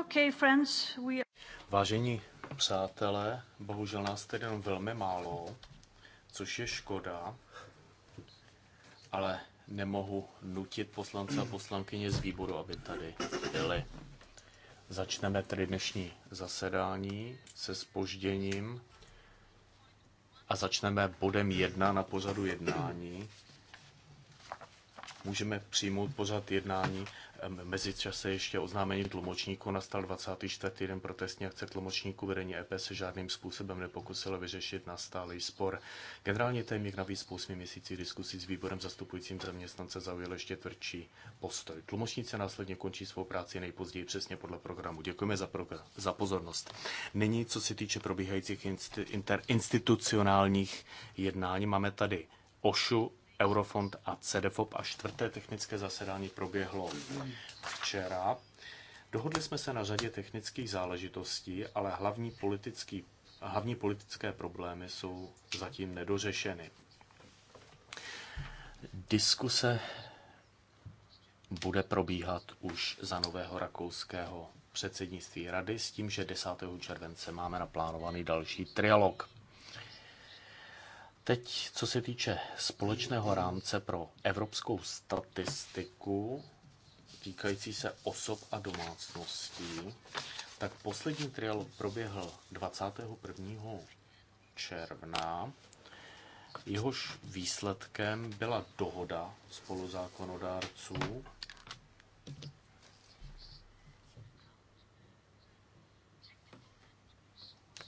Okay, friends, we... Vážení přátelé, bohužel nás tedy jenom velmi málo, což je škoda, ale nemohu nutit poslance a poslankyně z výboru, aby tady byli. Začneme tedy dnešní zasedání se spožděním a začneme bodem jedna na pořadu jednání. Můžeme přijmout pořad jednání čase ještě oznámení tlumočníků nastal 24. týden protestní akce tlumočníků. Vedení EP se žádným způsobem nepokusilo vyřešit nastálý spor. Generální téměř navíc po 8 měsících diskusí s výborem zastupujícím zaměstnance zaujal ještě tvrdší postoj. Tlumočníci následně končí svou práci nejpozději přesně podle programu. Děkujeme za, progr- za pozornost. Nyní, co se týče probíhajících inst- interinstitucionálních jednání, máme tady OŠU Eurofond a CDFOP a čtvrté technické zasedání proběhlo včera. Dohodli jsme se na řadě technických záležitostí, ale hlavní, politický, hlavní politické problémy jsou zatím nedořešeny. Diskuse bude probíhat už za nového rakouského předsednictví rady s tím, že 10. července máme naplánovaný další trialog. Teď, co se týče společného rámce pro evropskou statistiku týkající se osob a domácností, tak poslední trialog proběhl 21. června. Jehož výsledkem byla dohoda spoluzákonodárců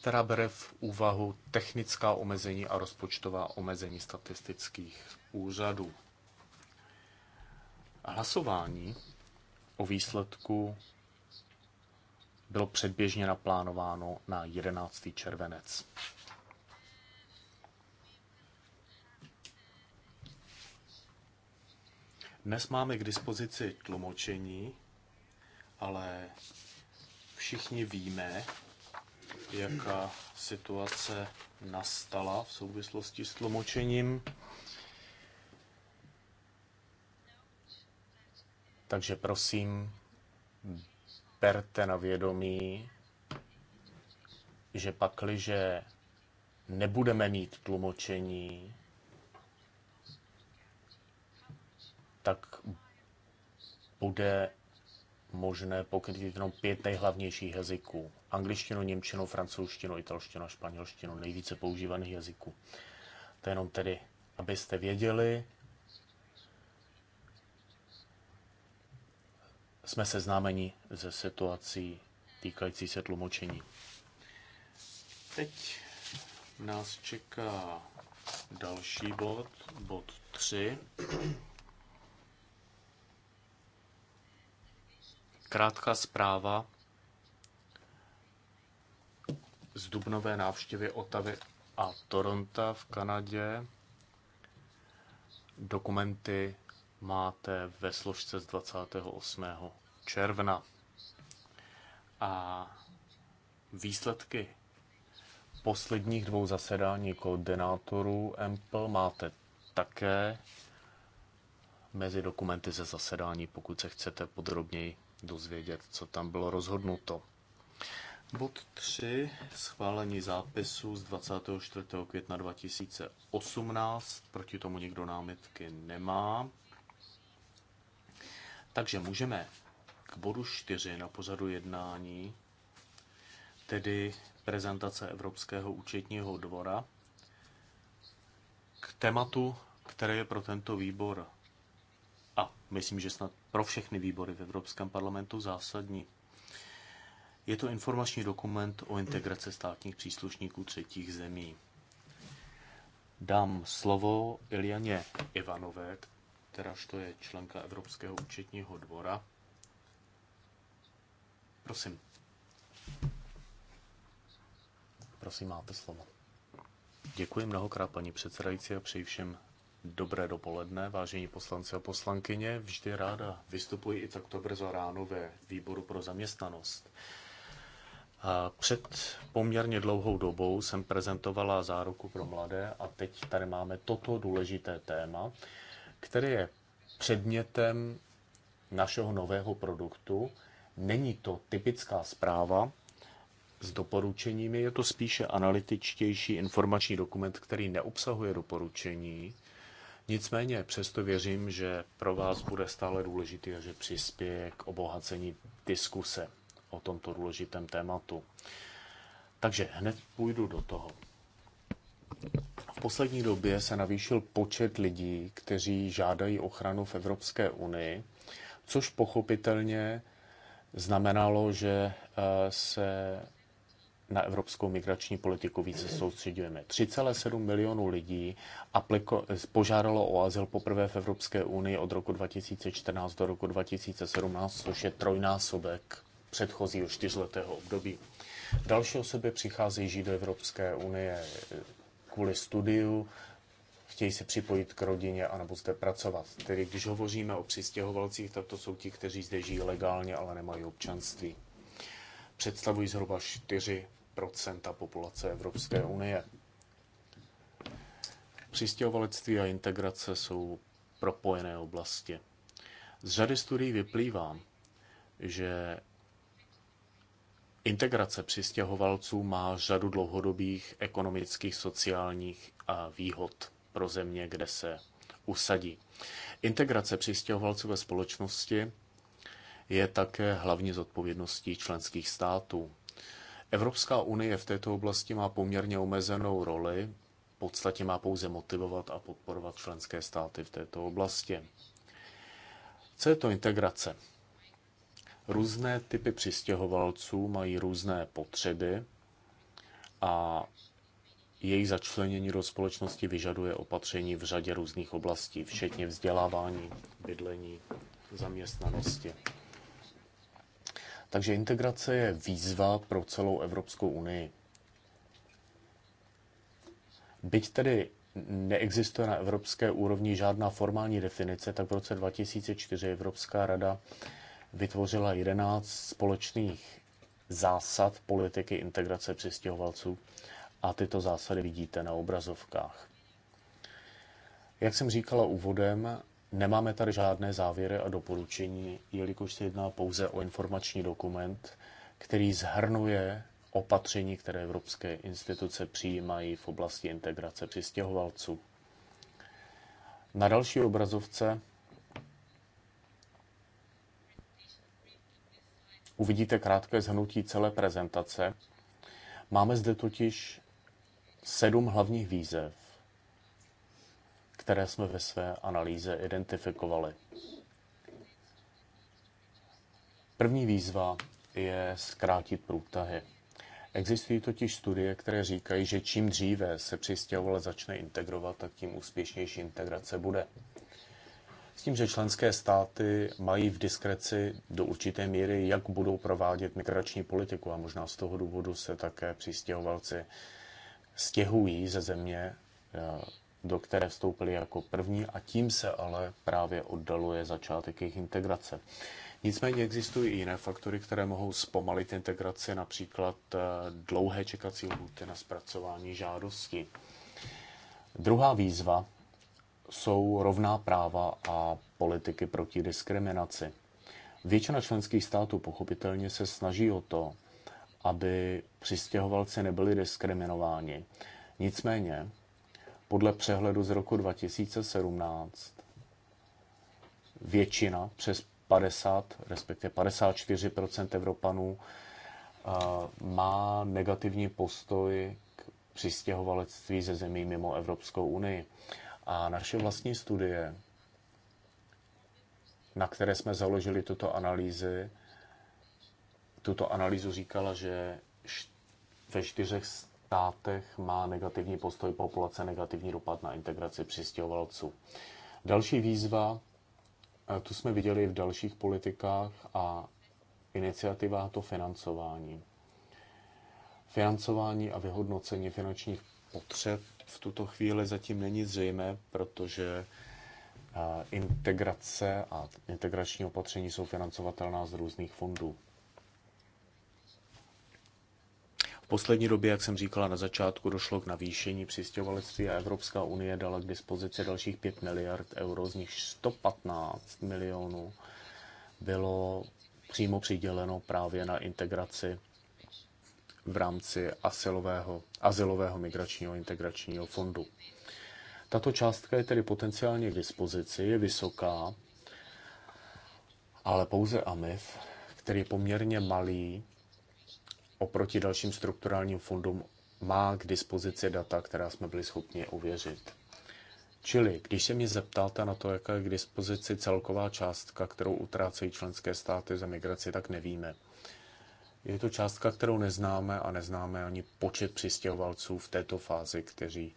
která bere v úvahu technická omezení a rozpočtová omezení statistických úřadů. Hlasování o výsledku bylo předběžně naplánováno na 11. červenec. Dnes máme k dispozici tlumočení, ale všichni víme, jaká situace nastala v souvislosti s tlumočením. Takže prosím, berte na vědomí, že pakliže nebudeme mít tlumočení, tak bude možné pokrytit jenom pět nejhlavnějších jazyků. Angličtinu, němčinu, francouzštinu, italštinu a španělštinu, nejvíce používaných jazyků. To je jenom tedy, abyste věděli, jsme seznámeni ze situací týkající se tlumočení. Teď nás čeká další bod, bod 3. krátká zpráva z dubnové návštěvy Otavy a Toronta v Kanadě. Dokumenty máte ve složce z 28. června. A výsledky posledních dvou zasedání koordinátorů MPL máte také mezi dokumenty ze zasedání, pokud se chcete podrobněji dozvědět, co tam bylo rozhodnuto. Bod 3. Schválení zápisu z 24. května 2018. Proti tomu nikdo námitky nemá. Takže můžeme k bodu 4 na pořadu jednání, tedy prezentace Evropského účetního dvora, k tématu, které je pro tento výbor myslím, že snad pro všechny výbory v Evropském parlamentu zásadní. Je to informační dokument o integraci státních příslušníků třetích zemí. Dám slovo Iljaně Ivanové, kteráž to je členka Evropského účetního dvora. Prosím. Prosím, máte slovo. Děkuji mnohokrát, paní předsedající, a přeji všem Dobré dopoledne, vážení poslanci a poslankyně. Vždy ráda vystupuji i takto brzo ráno ve výboru pro zaměstnanost. A před poměrně dlouhou dobou jsem prezentovala záruku pro mladé a teď tady máme toto důležité téma, které je předmětem našeho nového produktu. Není to typická zpráva, s doporučeními. Je to spíše analytičtější informační dokument, který neobsahuje doporučení, Nicméně přesto věřím, že pro vás bude stále důležitý a že přispěje k obohacení diskuse o tomto důležitém tématu. Takže hned půjdu do toho. V poslední době se navýšil počet lidí, kteří žádají ochranu v Evropské unii, což pochopitelně znamenalo, že eh, se na evropskou migrační politiku více soustředujeme. 3,7 milionů lidí apliko- požádalo o azyl poprvé v Evropské unii od roku 2014 do roku 2017, což je trojnásobek předchozího čtyřletého období. Další osoby přicházejí žít do Evropské unie kvůli studiu, chtějí se připojit k rodině anebo zde pracovat. Tedy když hovoříme o přistěhovalcích, tak to jsou ti, kteří zde žijí legálně, ale nemají občanství. Představují zhruba 4 Procenta populace Evropské unie. Přistěhovalectví a integrace jsou propojené oblasti. Z řady studií vyplývá, že integrace přistěhovalců má řadu dlouhodobých ekonomických, sociálních a výhod pro země, kde se usadí. Integrace přistěhovalců ve společnosti je také hlavní zodpovědností členských států. Evropská unie v této oblasti má poměrně omezenou roli, v podstatě má pouze motivovat a podporovat členské státy v této oblasti. Co je to integrace? Různé typy přistěhovalců mají různé potřeby a jejich začlenění do společnosti vyžaduje opatření v řadě různých oblastí, včetně vzdělávání, bydlení, zaměstnanosti takže integrace je výzva pro celou Evropskou unii. Byť tedy neexistuje na evropské úrovni žádná formální definice, tak v roce 2004 Evropská rada vytvořila 11 společných zásad politiky integrace přistěhovalců a tyto zásady vidíte na obrazovkách. Jak jsem říkala úvodem, Nemáme tady žádné závěry a doporučení, jelikož se jedná pouze o informační dokument, který zhrnuje opatření, které evropské instituce přijímají v oblasti integrace přistěhovalců. Na další obrazovce uvidíte krátké zhrnutí celé prezentace. Máme zde totiž sedm hlavních výzev, které jsme ve své analýze identifikovali. První výzva je zkrátit průtahy. Existují totiž studie, které říkají, že čím dříve se přistěhovalec začne integrovat, tak tím úspěšnější integrace bude. S tím, že členské státy mají v diskreci do určité míry, jak budou provádět migrační politiku a možná z toho důvodu se také přistěhovalci stěhují ze země, do které vstoupili jako první a tím se ale právě oddaluje začátek jejich integrace. Nicméně existují i jiné faktory, které mohou zpomalit integraci, například eh, dlouhé čekací lhůty na zpracování žádosti. Druhá výzva jsou rovná práva a politiky proti diskriminaci. Většina členských států pochopitelně se snaží o to, aby přistěhovalci nebyli diskriminováni. Nicméně podle přehledu z roku 2017 většina, přes 50, respektive 54 Evropanů, eh, má negativní postoj k přistěhovalectví ze zemí mimo Evropskou unii. A naše vlastní studie, na které jsme založili tuto analýzy, tuto analýzu říkala, že ve čtyřech z státech má negativní postoj populace negativní dopad na integraci přistěhovalců. Další výzva, eh, tu jsme viděli v dalších politikách a iniciativa to financování. Financování a vyhodnocení finančních potřeb v tuto chvíli zatím není zřejmé, protože eh, integrace a integrační opatření jsou financovatelná z různých fondů. V poslední době, jak jsem říkala na začátku, došlo k navýšení přistěhovalectví a Evropská unie dala k dispozici dalších 5 miliard euro, z nich 115 milionů bylo přímo přiděleno právě na integraci v rámci asilového, asilového migračního integračního fondu. Tato částka je tedy potenciálně k dispozici, je vysoká, ale pouze AMIF, který je poměrně malý, oproti dalším strukturálním fondům má k dispozici data, která jsme byli schopni uvěřit. Čili, když se mě zeptáte na to, jaká je k dispozici celková částka, kterou utrácejí členské státy za migraci, tak nevíme. Je to částka, kterou neznáme a neznáme ani počet přistěhovalců v této fázi, kteří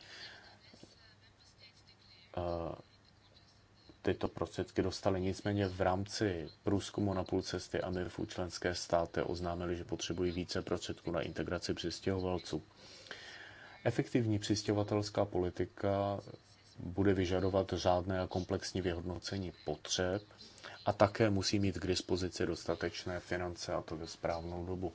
eh, tyto prostředky dostali. Nicméně v rámci průzkumu na půl cesty AMIRFu členské státy oznámili, že potřebují více prostředků na integraci přistěhovalců. Efektivní přistěhovatelská politika bude vyžadovat řádné a komplexní vyhodnocení potřeb a také musí mít k dispozici dostatečné finance a to ve správnou dobu.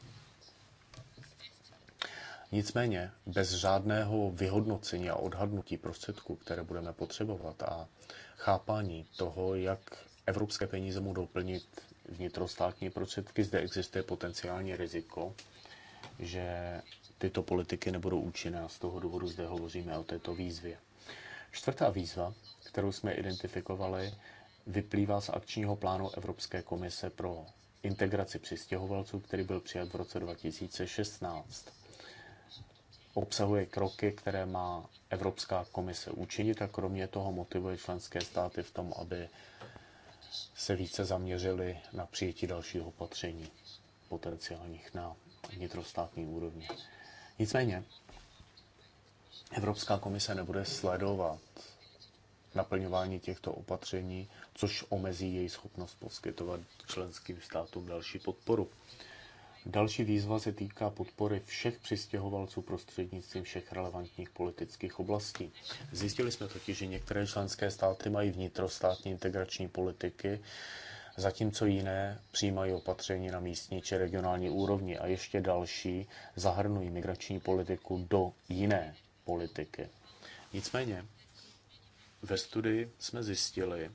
Nicméně bez řádného vyhodnocení a odhadnutí prostředků, které budeme potřebovat a chápání toho, jak evropské peníze mohou doplnit vnitrostátní prostředky, zde existuje potenciální riziko, že tyto politiky nebudou účinné a z toho důvodu zde hovoříme o této výzvě. Čtvrtá výzva, kterou jsme identifikovali, vyplývá z akčního plánu Evropské komise pro integraci přistěhovalců, který byl přijat v roce 2016 obsahuje kroky, které má Evropská komise učinit a kromě toho motivuje členské státy v tom, aby se více zaměřili na přijetí dalšího opatření potenciálních na vnitrostátní úrovni. Nicméně, Evropská komise nebude sledovat naplňování těchto opatření, což omezí její schopnost poskytovat členským státům další podporu. Další výzva se týká podpory všech přistěhovalců prostřednictvím všech relevantních politických oblastí. Zjistili jsme totiž, že některé členské státy mají vnitrostátní integrační politiky, zatímco jiné přijímají opatření na místní či regionální úrovni a ještě další zahrnují migrační politiku do jiné politiky. Nicméně ve studii jsme zjistili,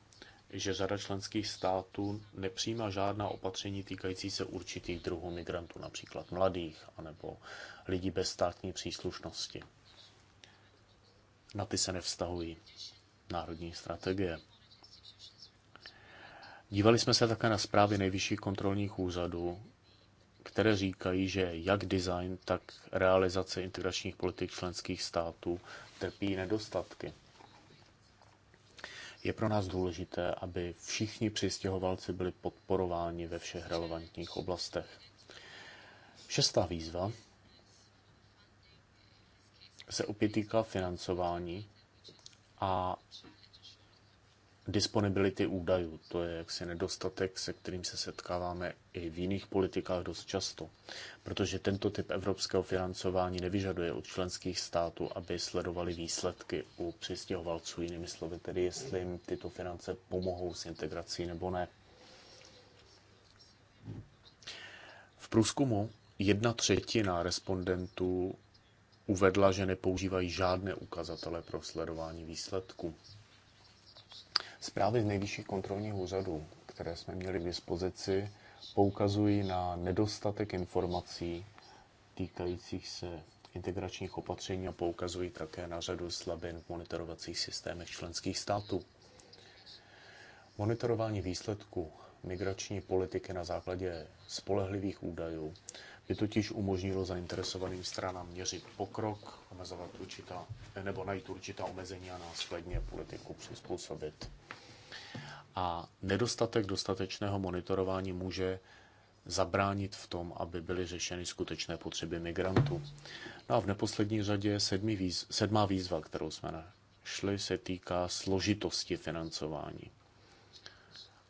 že řada členských států nepřijímá žádná opatření týkající se určitých druhů migrantů, například mladých anebo lidí bez státní příslušnosti. Na ty se nevztahují národní strategie. Dívali jsme se také na zprávy nejvyšších kontrolních úřadů, které říkají, že jak design, tak realizace integračních politik členských států trpí nedostatky. Je pro nás důležité, aby všichni přistěhovalci byli podporováni ve všech relevantních oblastech. Šestá výzva se opět týká financování a disponibility údajů. To je jaksi nedostatek, se kterým se setkáváme i v jiných politikách dost často, protože tento typ evropského financování nevyžaduje od členských států, aby sledovali výsledky u přistěhovalců, jinými slovy, tedy jestli jim tyto finance pomohou s integrací nebo ne. V průzkumu jedna třetina respondentů uvedla, že nepoužívají žádné ukazatele pro sledování výsledků. Zprávy z nejvyšších kontrolních úřadů, které jsme měli k dispozici, poukazují na nedostatek informací týkajících se integračních opatření a poukazují také na řadu slabin v monitorovacích systémech členských států. Monitorování výsledků migrační politiky na základě spolehlivých údajů by totiž umožnilo zainteresovaným stranám měřit pokrok, omezovat určitá, nebo najít určitá omezení a následně politiku přizpůsobit. A nedostatek dostatečného monitorování může zabránit v tom, aby byly řešeny skutečné potřeby migrantů. No a v neposlední řadě sedmý výz, sedmá výzva, kterou jsme našli, se týká složitosti financování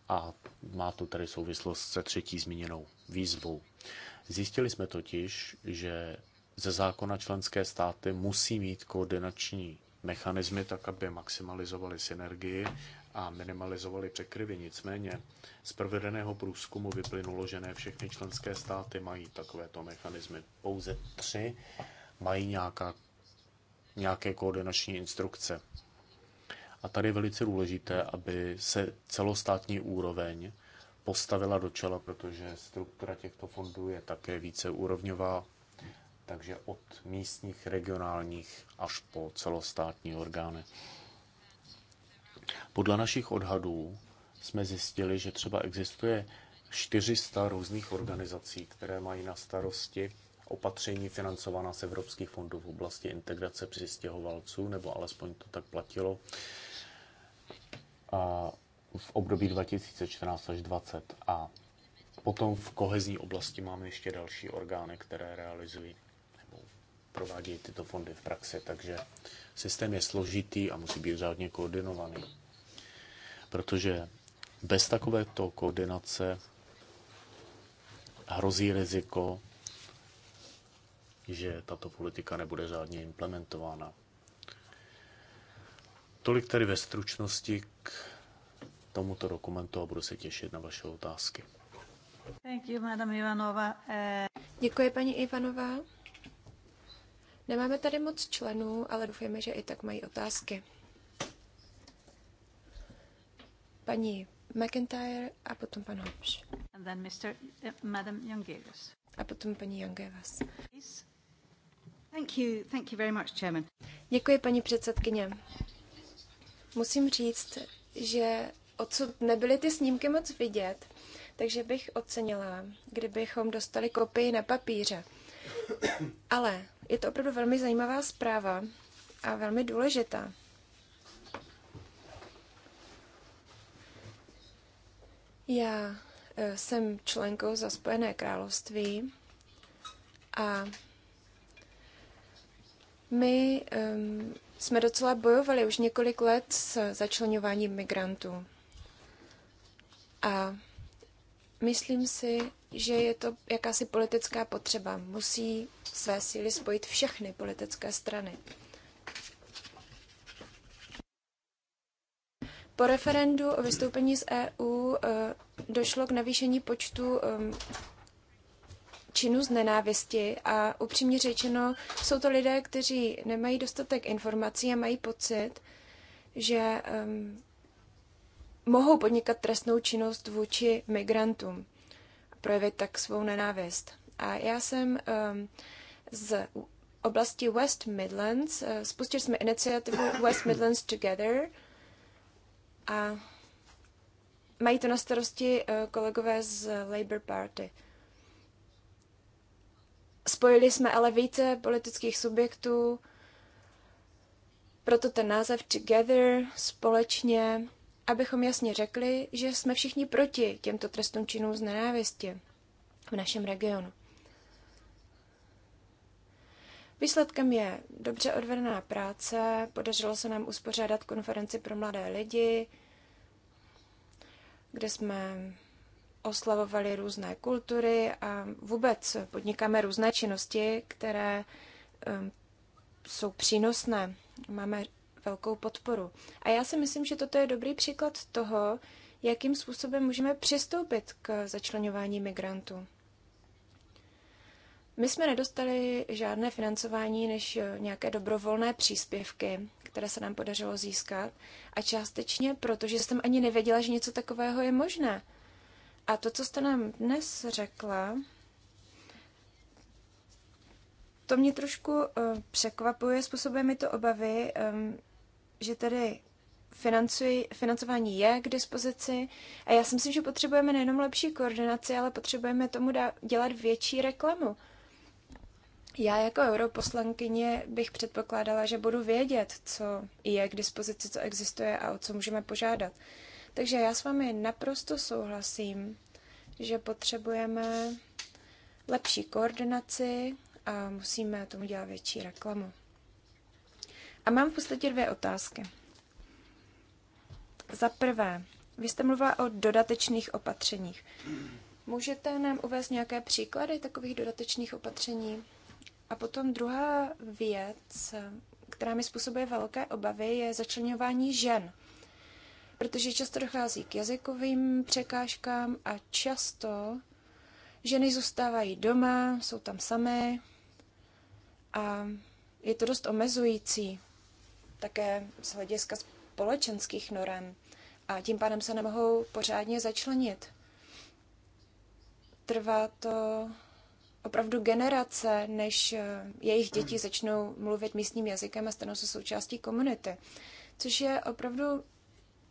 a má to tady souvislost se třetí zmíněnou výzvou. Zjistili jsme totiž, že ze zákona členské státy musí mít koordinační mechanismy tak, aby maximalizovali synergii a minimalizovali překryvy. Nicméně z provedeného průzkumu vyplynulo, že ne všechny členské státy mají takovéto mechanismy. Pouze tři mají nějaká, nějaké koordinační instrukce a tady je velice důležité, aby se celostátní úroveň postavila do čela, protože struktura těchto fondů je také více úrovňová, takže od místních, regionálních až po celostátní orgány. Podle našich odhadů jsme zjistili, že třeba existuje 400 různých organizací, které mají na starosti opatření financovaná z evropských fondů v oblasti integrace přistěhovalců, nebo alespoň to tak platilo v období 2014 až 2020 a potom v kohezní oblasti máme ještě další orgány, které realizují nebo provádějí tyto fondy v praxi, takže systém je složitý a musí být řádně koordinovaný. Protože bez takovéto koordinace hrozí riziko, že tato politika nebude řádně implementována. Tolik tedy ve stručnosti k tomuto dokumentu a budu se těšit na vaše otázky. Thank you, Madam Ivanova. Eh, Děkuji, paní Ivanová. Nemáme tady moc členů, ale doufáme, že i tak mají otázky. Paní McIntyre a potom pan Hobbs. And then Mr. Eh, Madam Youngevas. A potom paní Youngevas. Thank you, thank you very much, Chairman. Děkuji, paní předsedkyně musím říct, že odsud nebyly ty snímky moc vidět, takže bych ocenila, kdybychom dostali kopii na papíře. Ale je to opravdu velmi zajímavá zpráva a velmi důležitá. Já e, jsem členkou za Spojené království a my um, jsme docela bojovali už několik let s začlenováním migrantů. A myslím si, že je to jakási politická potřeba. Musí své síly spojit všechny politické strany. Po referendu o vystoupení z EU eh, došlo k navýšení počtu eh, činu z nenávisti a upřímně řečeno jsou to lidé, kteří nemají dostatek informací a mají pocit, že um, mohou podnikat trestnou činnost vůči migrantům a projevit tak svou nenávist. A já jsem um, z oblasti West Midlands, uh, eh, spustili jsme iniciativu West Midlands Together a mají to na starosti uh, kolegové z Labour Party. Spojili jsme ale více politických subjektů, proto ten název Together, společně, abychom jasně řekli, že jsme všichni proti těmto trestům činům z nenávisti v našem regionu. Výsledkem je dobře odvedená práce, podařilo se nám uspořádat konferenci pro mladé lidi, kde jsme oslavovali různé kultury a vůbec podnikáme různé činnosti, které jsou přínosné. Máme velkou podporu. A já si myslím, že toto je dobrý příklad toho, jakým způsobem můžeme přistoupit k začlenování migrantů. My jsme nedostali žádné financování než nějaké dobrovolné příspěvky, které se nám podařilo získat a částečně, protože jsem ani nevěděla, že něco takového je možné. A to, co jste nám dnes řekla, to mě trošku uh, překvapuje, způsobuje mi to obavy, um, že tady financuj, financování je k dispozici a já si myslím, že potřebujeme nejenom lepší koordinaci, ale potřebujeme tomu dá, dělat větší reklamu. Já jako europoslankyně bych předpokládala, že budu vědět, co je k dispozici, co existuje a o co můžeme požádat. Uh, takže já s vámi naprosto souhlasím, že potřebujeme lepší koordinaci a musíme tomu dělat větší reklamu. A mám v podstatě dvě otázky. Za prvé, vy jste mluvila o dodatečných opatřeních. Můžete nám uvést nějaké příklady takových dodatečných opatření? A potom druhá věc, která mi způsobuje velké obavy, je začlenování žen protože často dochází k jazykovým překážkám a často ženy zůstávají doma, jsou tam samé a je to dost omezující také z hlediska společenských norem a tím pádem se nemohou pořádně začlenit. Trvá to opravdu generace, než eh, jejich děti hmm. začnou mluvit místním jazykem a stanou se součástí komunity, což je opravdu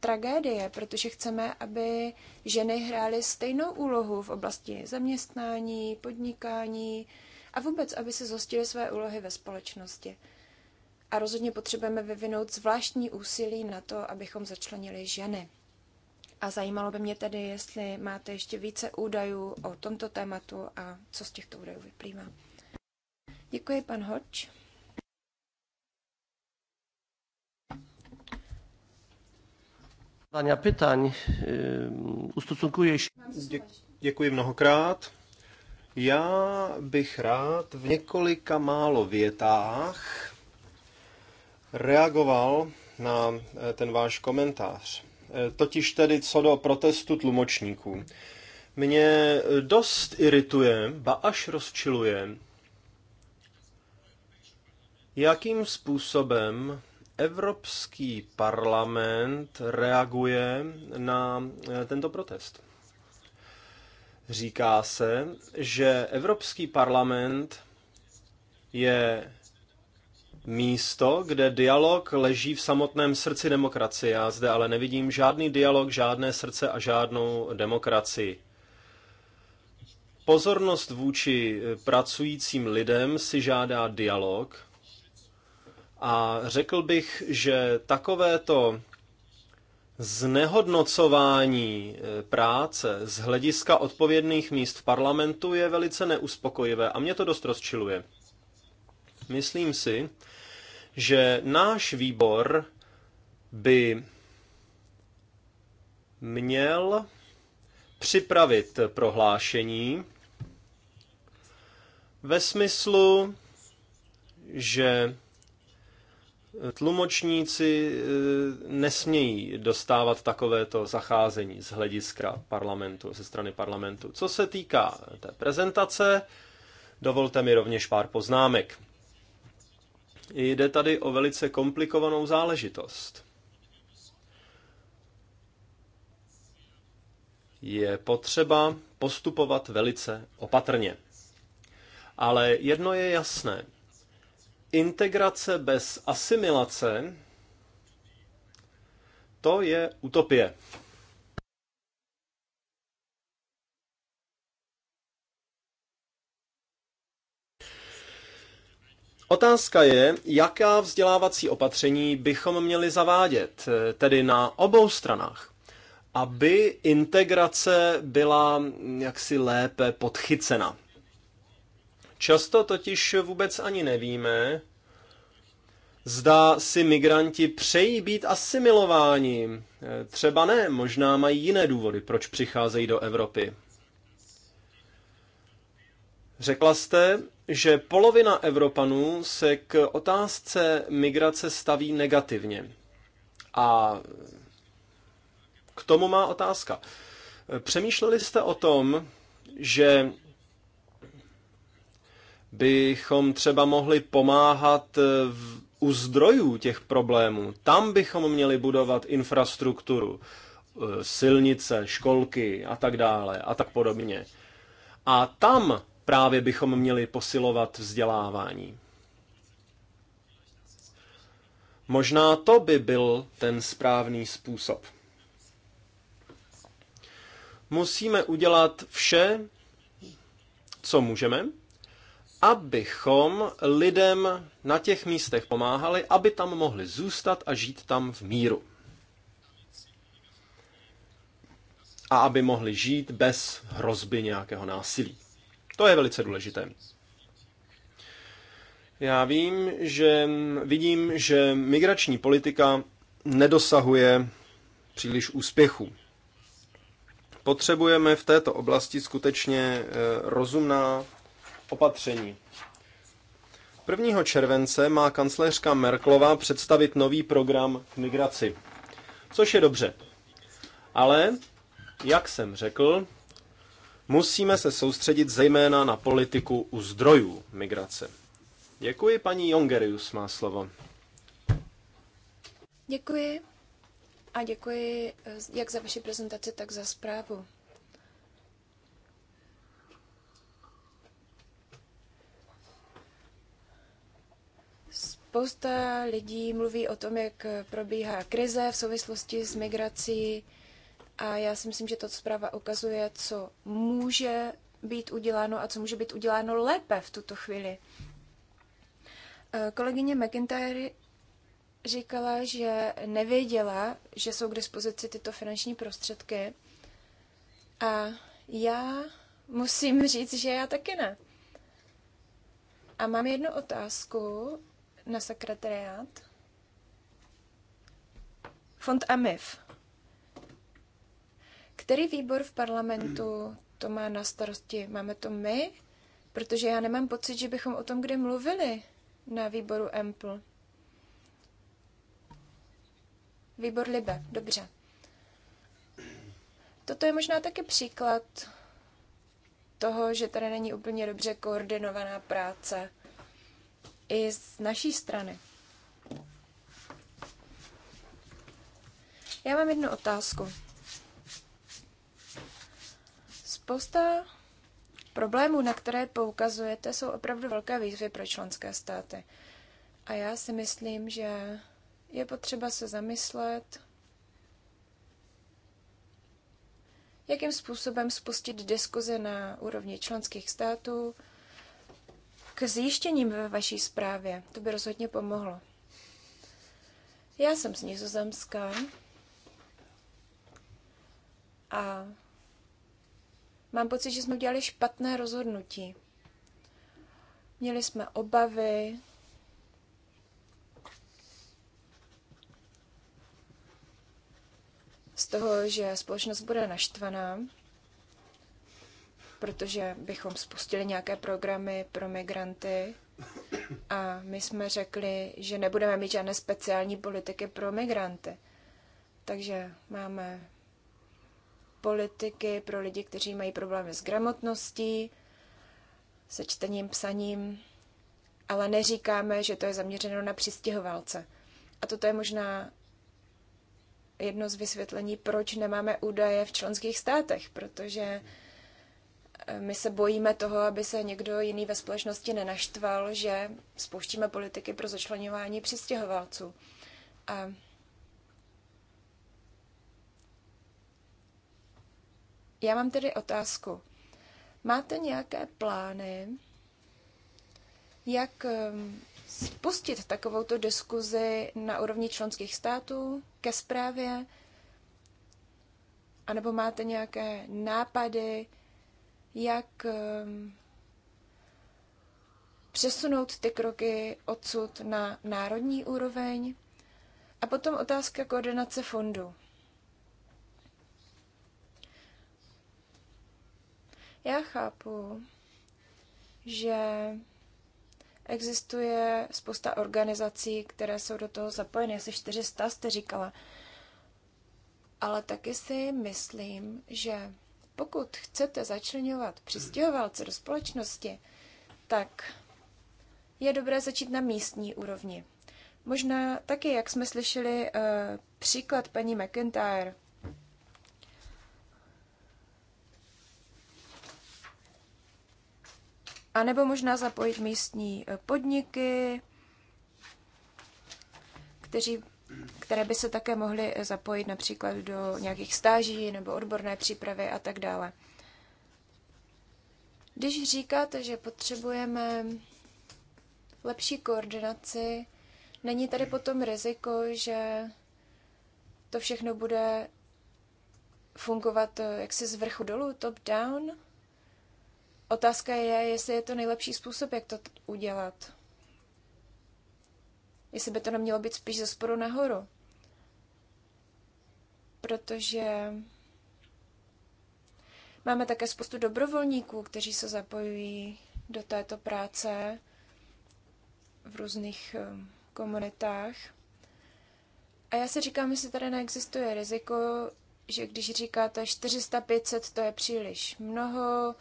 tragédie, protože chceme, aby ženy hrály stejnou úlohu v oblasti zaměstnání, podnikání a vůbec, aby se zhostily své úlohy ve společnosti. A rozhodně potřebujeme vyvinout zvláštní úsilí na to, abychom začlenili ženy. A zajímalo by mě tedy, jestli máte ještě více údajů o tomto tématu a co z těchto údajů vyplývá. Děkuji, pan Hoč. Dania pytań się. Děkuji mnohokrát. Já bych rád v několika málo větách reagoval na eh, ten váš komentář. Eh, totiž tedy co do protestu tlumočníků. Mě eh, dost irituje, ba až rozčiluje, jakým způsobem Evropský parlament reaguje na eh, tento protest. Říká se, že Evropský parlament je místo, kde dialog leží v samotném srdci demokracie. Já zde ale nevidím žádný dialog, žádné srdce a žádnou demokracii. Pozornost vůči eh, pracujícím lidem si žádá dialog, a řekl bych, že takovéto znehodnocování e, práce z hlediska odpovědných míst v parlamentu je velice neuspokojivé a mě to dost rozčiluje. Myslím si, že náš výbor by měl připravit prohlášení ve smyslu, že Tlumočníci eh, nesmějí dostávat takovéto zacházení z hlediska parlamentu, ze strany parlamentu. Co se týká té prezentace, dovolte mi rovněž pár poznámek. Jde tady o velice komplikovanou záležitost. Je potřeba postupovat velice opatrně. Ale jedno je jasné – integrace bez asimilace, to je utopie. Otázka je, jaká vzdělávací opatření bychom měli zavádět, tedy na obou stranách, aby integrace byla jaksi lépe podchycena. Často totiž vůbec ani nevíme, zda si migranti přejí být asimilováni. Třeba ne, možná mají jiné důvody, proč přicházejí do Evropy. Řekla jste, že polovina Evropanů se k otázce migrace staví negativně. A k tomu má otázka. Přemýšleli jste o tom, že bychom třeba mohli pomáhat eh, v, u zdrojů těch problémů. Tam bychom měli budovat infrastrukturu, eh, silnice, školky a tak dále a tak podobně. A tam právě bychom měli posilovat vzdělávání. Možná to by byl ten správný způsob. Musíme udělat vše, co můžeme, abychom lidem na těch místech pomáhali, aby tam mohli zůstat a žít tam v míru. A aby mohli žít bez hrozby nějakého násilí. To je velice důležité. Já vím, že vidím, že migrační politika nedosahuje příliš úspěchů. Potřebujeme v této oblasti skutečně eh, rozumná opatření. 1. července má kancléřka Merklová představit nový program k migraci, což je dobře. Ale, jak jsem řekl, musíme se soustředit zejména na politiku u zdrojů migrace. Děkuji, paní Jongerius má slovo. Děkuji a děkuji eh, jak za vaši prezentaci, tak za zprávu. Spousta lidí mluví o tom, jak probíhá krize v souvislosti s migrací a já si myslím, že to zpráva ukazuje, co může být uděláno a co může být uděláno lépe v tuto chvíli. Eh, kolegyně McIntyre říkala, že nevěděla, že jsou k dispozici tyto finanční prostředky a já musím říct, že já taky ne. A mám jednu otázku na sekretariát. Fond AMIF. Který výbor v parlamentu to má na starosti? Máme to my? Protože já nemám pocit, že bychom o tom kdy mluvili na výboru EMPL. Výbor Libe, dobře. Toto je možná taky příklad toho, že tady není úplně dobře koordinovaná práce i z naší strany. Já mám jednu otázku. Spousta problémů, na které poukazujete, jsou opravdu velké výzvy pro členské státy. A já si myslím, že je potřeba se zamyslet, jakým způsobem spustit diskuze na úrovni členských států, k zjištěním ve vaší zprávě. To by rozhodně pomohlo. Já jsem z Nizozemska a mám pocit, že jsme udělali špatné rozhodnutí. Měli jsme obavy, z toho, že společnost bude naštvaná protože bychom spustili nějaké programy pro migranty a my jsme řekli, že nebudeme mít žádné speciální politiky pro migranty. Takže máme politiky pro lidi, kteří mají problémy s gramotností, se čtením, psaním, ale neříkáme, že to je zaměřeno na přistěhovalce. A toto je možná jedno z vysvětlení, proč nemáme údaje v členských státech, protože my se bojíme toho, aby se někdo jiný ve společnosti nenaštval, že spouštíme politiky pro začlenování přistěhovalců. A já mám tedy otázku. Máte nějaké plány, jak ehm, spustit takovouto diskuzi na úrovni členských států ke zprávě? A nebo máte nějaké nápady, jak ehm, přesunout ty kroky odsud na národní úroveň. A potom otázka koordinace fondu. Já chápu, že existuje spousta organizací, které jsou do toho zapojeny. Asi 400 jste říkala. Ale taky si myslím, že pokud chcete začlenovat přistěhovalce do společnosti, tak je dobré začít na místní úrovni. Možná taky, jak jsme slyšeli eh, příklad paní McIntyre, A nebo možná zapojit místní eh, podniky, kteří které by se také mohly zapojit například do nějakých stáží nebo odborné přípravy a tak dále. Když říkáte, že potřebujeme lepší koordinaci, není tady potom riziko, že to všechno bude fungovat eh, jaksi z vrchu dolů, top down? Otázka je, jestli je to nejlepší způsob, jak to udělat. Jestli by to nemělo být spíš ze sporu nahoru. Protože máme také spoustu dobrovolníků, kteří se zapojují do této práce v různých eh, komunitách. A já si říkám, jestli tady neexistuje riziko, že když říkáte 400-500, to je příliš mnoho,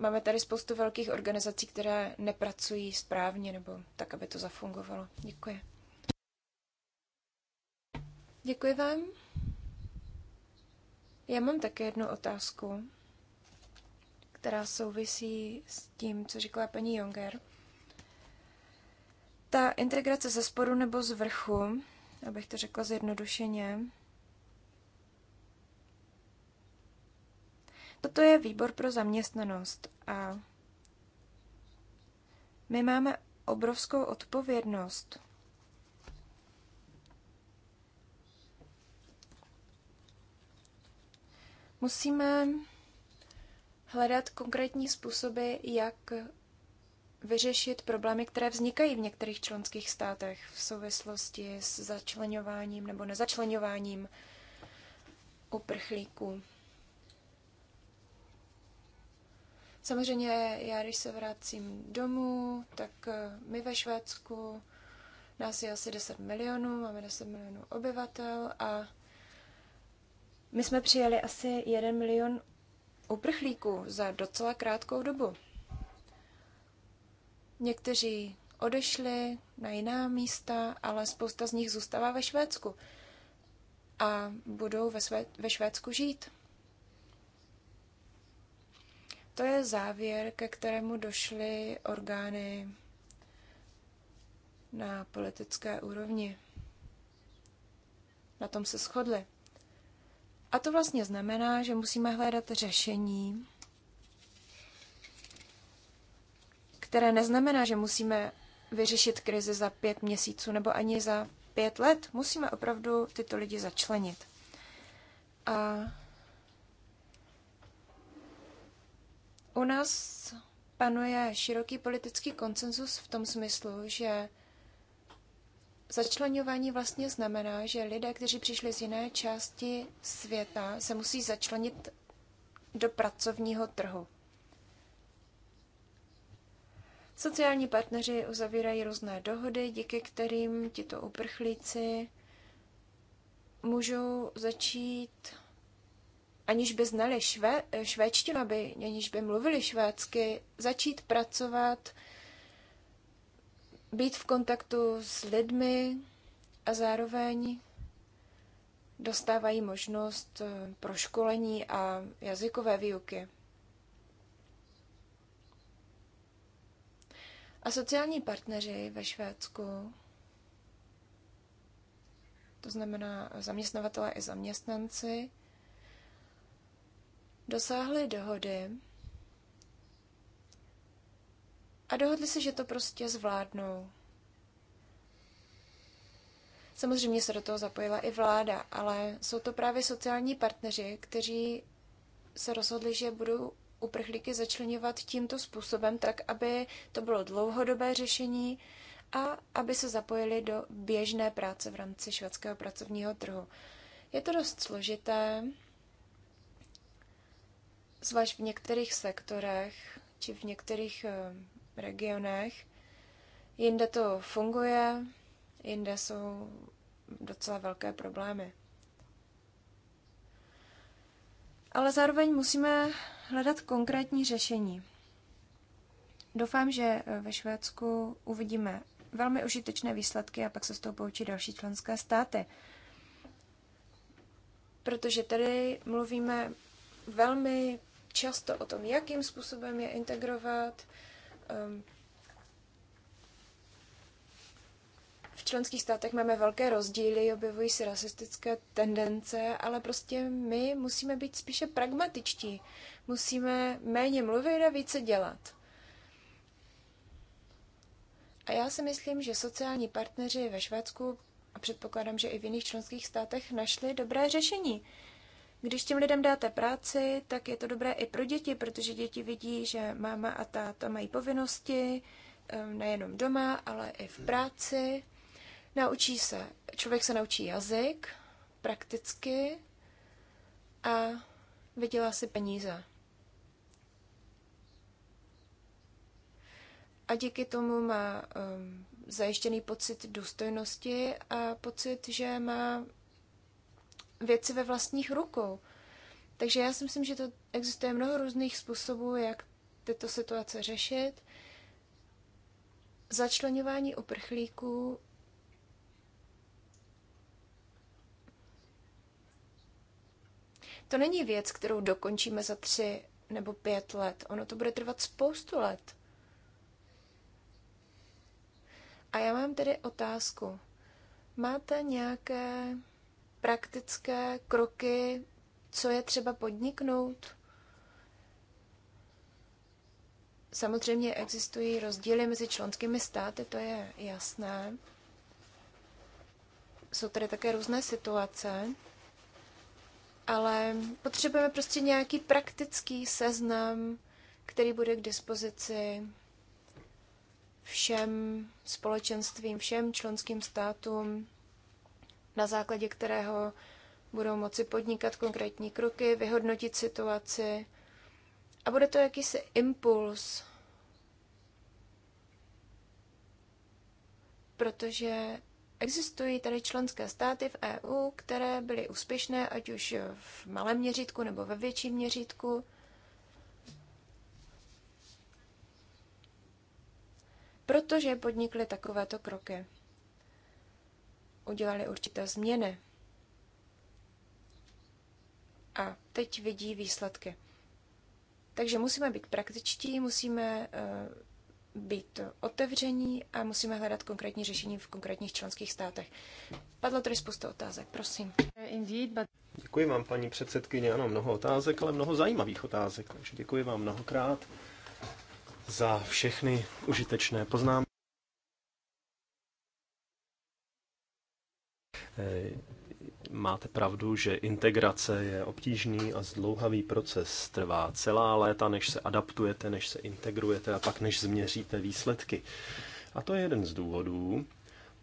Máme tady spoustu velkých organizací, které nepracují správně nebo tak, aby to zafungovalo. Děkuji. Děkuji vám. Já mám také jednu otázku, která souvisí s tím, co říkala paní Jonger. Ta integrace ze spodu nebo z vrchu, abych to řekla zjednodušeně, Toto je výbor pro zaměstnanost a my máme obrovskou odpovědnost. Musíme hledat konkrétní způsoby, jak vyřešit problémy, které vznikají v některých členských státech v souvislosti s začlenováním nebo nezačlenováním uprchlíků. Samozřejmě já, když se vracím domů, tak eh, my ve Švédsku nás je asi 10 milionů, máme 10 milionů obyvatel a my jsme přijeli asi 1 milion uprchlíků za docela krátkou dobu. Někteří odešli na jiná místa, ale spousta z nich zůstává ve Švédsku a budou ve, své, ve Švédsku žít. To je závěr, ke kterému došly orgány na politické úrovni. Na tom se shodli. A to vlastně znamená, že musíme hledat řešení, které neznamená, že musíme vyřešit krizi za pět měsíců nebo ani za pět let. Musíme opravdu tyto lidi začlenit. A U nás panuje široký politický konsenzus v tom smyslu, že začlenování vlastně znamená, že lidé, kteří přišli z jiné části světa, se musí začlenit do pracovního trhu. Sociální partneři uzavírají různé dohody, díky kterým tito uprchlíci můžou začít aniž by znali šve, švédštinu, aby, aniž by mluvili švédsky, začít pracovat, být v kontaktu s lidmi a zároveň dostávají možnost eh, proškolení a jazykové výuky. A sociální partneři ve Švédsku, to znamená zaměstnavatele i zaměstnanci, dosáhli dohody a dohodli se, že to prostě zvládnou. Samozřejmě se do toho zapojila i vláda, ale jsou to právě sociální partneři, kteří se rozhodli, že budou uprchlíky začlenovat tímto způsobem, tak aby to bylo dlouhodobé řešení a aby se zapojili do běžné práce v rámci švédského pracovního trhu. Je to dost složité, zvlášť v některých sektorech či v některých eh, regionech. Jinde to funguje, jinde jsou docela velké problémy. Ale zároveň musíme hledat konkrétní řešení. Doufám, že eh, ve Švédsku uvidíme velmi užitečné výsledky a pak se z toho poučí další členské státy. Protože tady mluvíme velmi často o tom, jakým způsobem je integrovat. Ehm, v členských státech máme velké rozdíly, objevují se rasistické tendence, ale prostě my musíme být spíše pragmatičtí. Musíme méně mluvit a více dělat. A já si myslím, že sociální partneři ve Švédsku a předpokládám, že i v jiných členských státech našli dobré řešení. Když těm lidem dáte práci, tak je to dobré i pro děti, protože děti vidí, že máma a táta mají povinnosti, ehm, nejenom doma, ale i v práci. Naučí se, člověk se naučí jazyk, prakticky a vydělá si peníze. A díky tomu má um, zajištěný pocit důstojnosti a pocit, že má věci ve vlastních rukou. Takže já si myslím, že to existuje mnoho různých způsobů, jak tyto situace řešit. Začlenování uprchlíků To není věc, kterou dokončíme za tři nebo pět let. Ono to bude trvat spoustu let. A já mám tedy otázku. Máte nějaké praktické kroky, co je třeba podniknout? Samozřejmě existují rozdíly mezi členskými státy, to je jasné. Jsou tady také různé situace, ale potřebujeme prostě nějaký praktický seznam, který bude k dispozici všem společenstvím, všem členským státům, na základě kterého budou moci podnikat konkrétní kroky, vyhodnotit situaci a bude to jakýsi impuls, protože existují tady členské státy v EU, které byly úspěšné, ať už v malém měřítku nebo ve větším měřítku. protože podnikly takovéto kroky udělali určité změny. A teď vidí výsledky. Takže musíme být praktičtí, musíme eh, být otevření a musíme hledat konkrétní řešení v konkrétních členských státech. Padlo tady spousta otázek, prosím. Děkuji vám, paní předsedkyně. Ano, mnoho otázek, ale mnoho zajímavých otázek. Takže děkuji vám mnohokrát za všechny užitečné poznámky. Eh, máte pravdu, že integrace je obtížný a zdlouhavý proces. Trvá celá léta, než se adaptujete, než se integrujete a pak než změříte výsledky. A to je jeden z důvodů,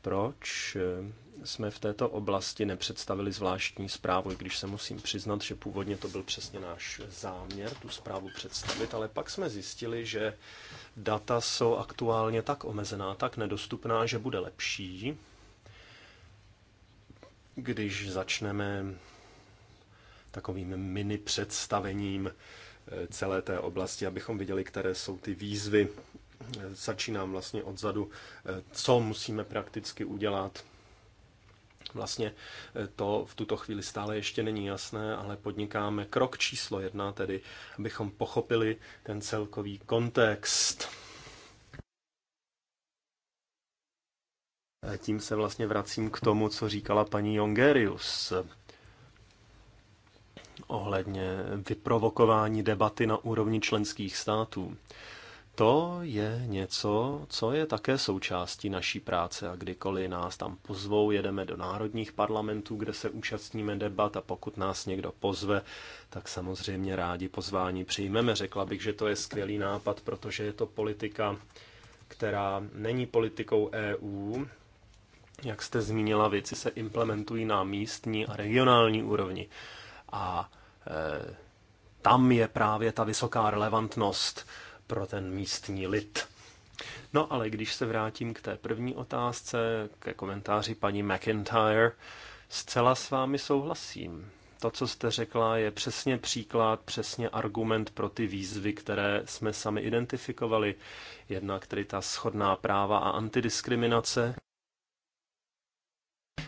proč eh, jsme v této oblasti nepředstavili zvláštní zprávu, i když se musím přiznat, že původně to byl přesně náš záměr tu zprávu představit, ale pak jsme zjistili, že data jsou aktuálně tak omezená, tak nedostupná, že bude lepší, když začneme takovým mini představením eh, celé té oblasti, abychom viděli, které jsou ty výzvy. Eh, začínám vlastně odzadu, eh, co musíme prakticky udělat. Vlastně to v tuto chvíli stále ještě není jasné, ale podnikáme krok číslo jedna, tedy abychom pochopili ten celkový kontext Tím se vlastně vracím k tomu, co říkala paní Jongerius ohledně vyprovokování debaty na úrovni členských států. To je něco, co je také součástí naší práce a kdykoliv nás tam pozvou, jedeme do národních parlamentů, kde se účastníme debat a pokud nás někdo pozve, tak samozřejmě rádi pozvání přijmeme. Řekla bych, že to je skvělý nápad, protože je to politika, která není politikou EU, jak jste zmínila, věci se implementují na místní a regionální úrovni. A e, tam je právě ta vysoká relevantnost pro ten místní lid. No ale když se vrátím k té první otázce, ke komentáři paní McIntyre, zcela s vámi souhlasím. To, co jste řekla, je přesně příklad, přesně argument pro ty výzvy, které jsme sami identifikovali. Jednak tedy ta schodná práva a antidiskriminace,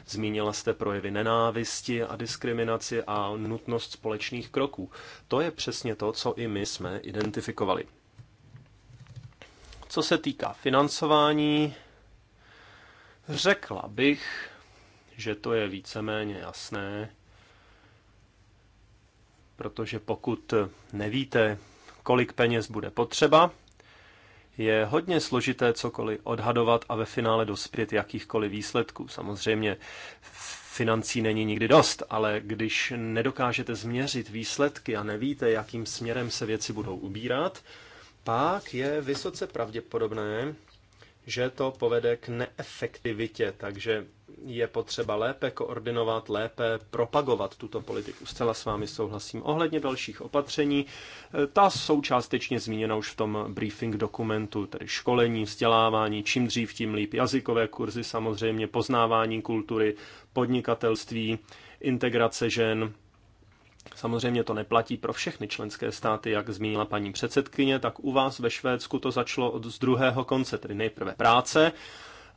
Zmínila jste projevy nenávisti a diskriminaci a nutnost společných kroků. To je přesně to, co i my jsme identifikovali. Co se týká financování, řekla bych, že to je víceméně jasné, protože pokud nevíte, kolik peněz bude potřeba, je hodně složité cokoliv odhadovat a ve finále dospět jakýchkoliv výsledků. Samozřejmě financí není nikdy dost, ale když nedokážete změřit výsledky a nevíte, jakým směrem se věci budou ubírat, pak je vysoce pravděpodobné, že to povede k neefektivitě. Takže je potřeba lépe koordinovat, lépe propagovat tuto politiku. Zcela s vámi souhlasím. Ohledně dalších opatření, eh, ta jsou částečně zmíněna už v tom briefing dokumentu, tedy školení, vzdělávání, čím dřív, tím líp, jazykové kurzy samozřejmě, poznávání kultury, podnikatelství, integrace žen, Samozřejmě to neplatí pro všechny členské státy, jak zmínila paní předsedkyně, tak u vás ve Švédsku to začalo od z druhého konce, tedy nejprve práce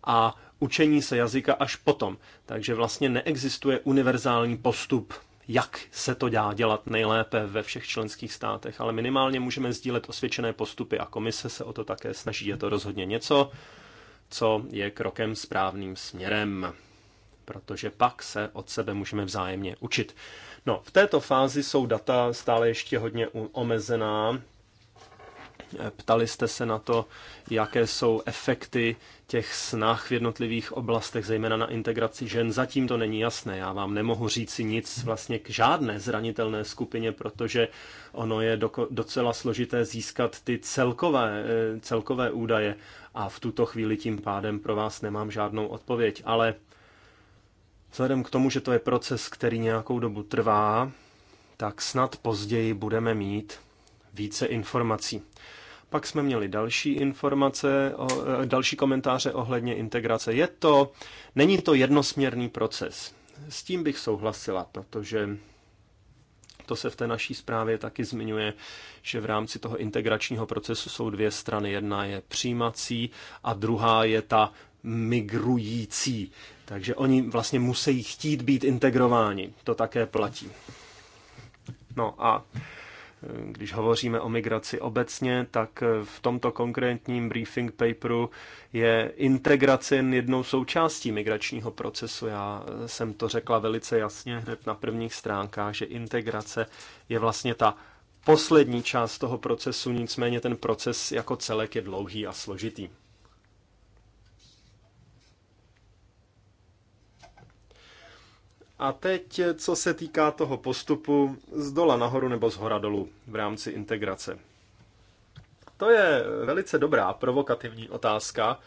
a učení se jazyka až potom. Takže vlastně neexistuje univerzální postup, jak se to dá dělat nejlépe ve všech členských státech, ale minimálně můžeme sdílet osvědčené postupy a komise se o to také snaží. Je to rozhodně něco, co je krokem správným směrem, protože pak se od sebe můžeme vzájemně učit. No, v této fázi jsou data stále ještě hodně omezená, Ptali jste se na to, jaké jsou efekty těch snah v jednotlivých oblastech, zejména na integraci žen. Zatím to není jasné. Já vám nemohu říci nic vlastně k žádné zranitelné skupině, protože ono je docela složité získat ty celkové, eh, celkové údaje a v tuto chvíli tím pádem pro vás nemám žádnou odpověď. Ale vzhledem k tomu, že to je proces, který nějakou dobu trvá, tak snad později budeme mít více informací. Pak jsme měli další informace, eh, další komentáře ohledně integrace. Je to, není to jednosměrný proces. S tím bych souhlasila, protože to se v té naší zprávě taky zmiňuje, že v rámci toho integračního procesu jsou dvě strany. Jedna je přijímací a druhá je ta migrující. Takže oni vlastně musí chtít být integrováni. To také platí. No a když hovoříme o migraci obecně, tak v tomto konkrétním briefing paperu je integrace jednou součástí migračního procesu. Já jsem to řekla velice jasně hned na prvních stránkách, že integrace je vlastně ta poslední část toho procesu, nicméně ten proces jako celek je dlouhý a složitý. A teď, co se týká toho postupu z dola nahoru nebo z hora dolů v rámci integrace. To je velice dobrá provokativní otázka.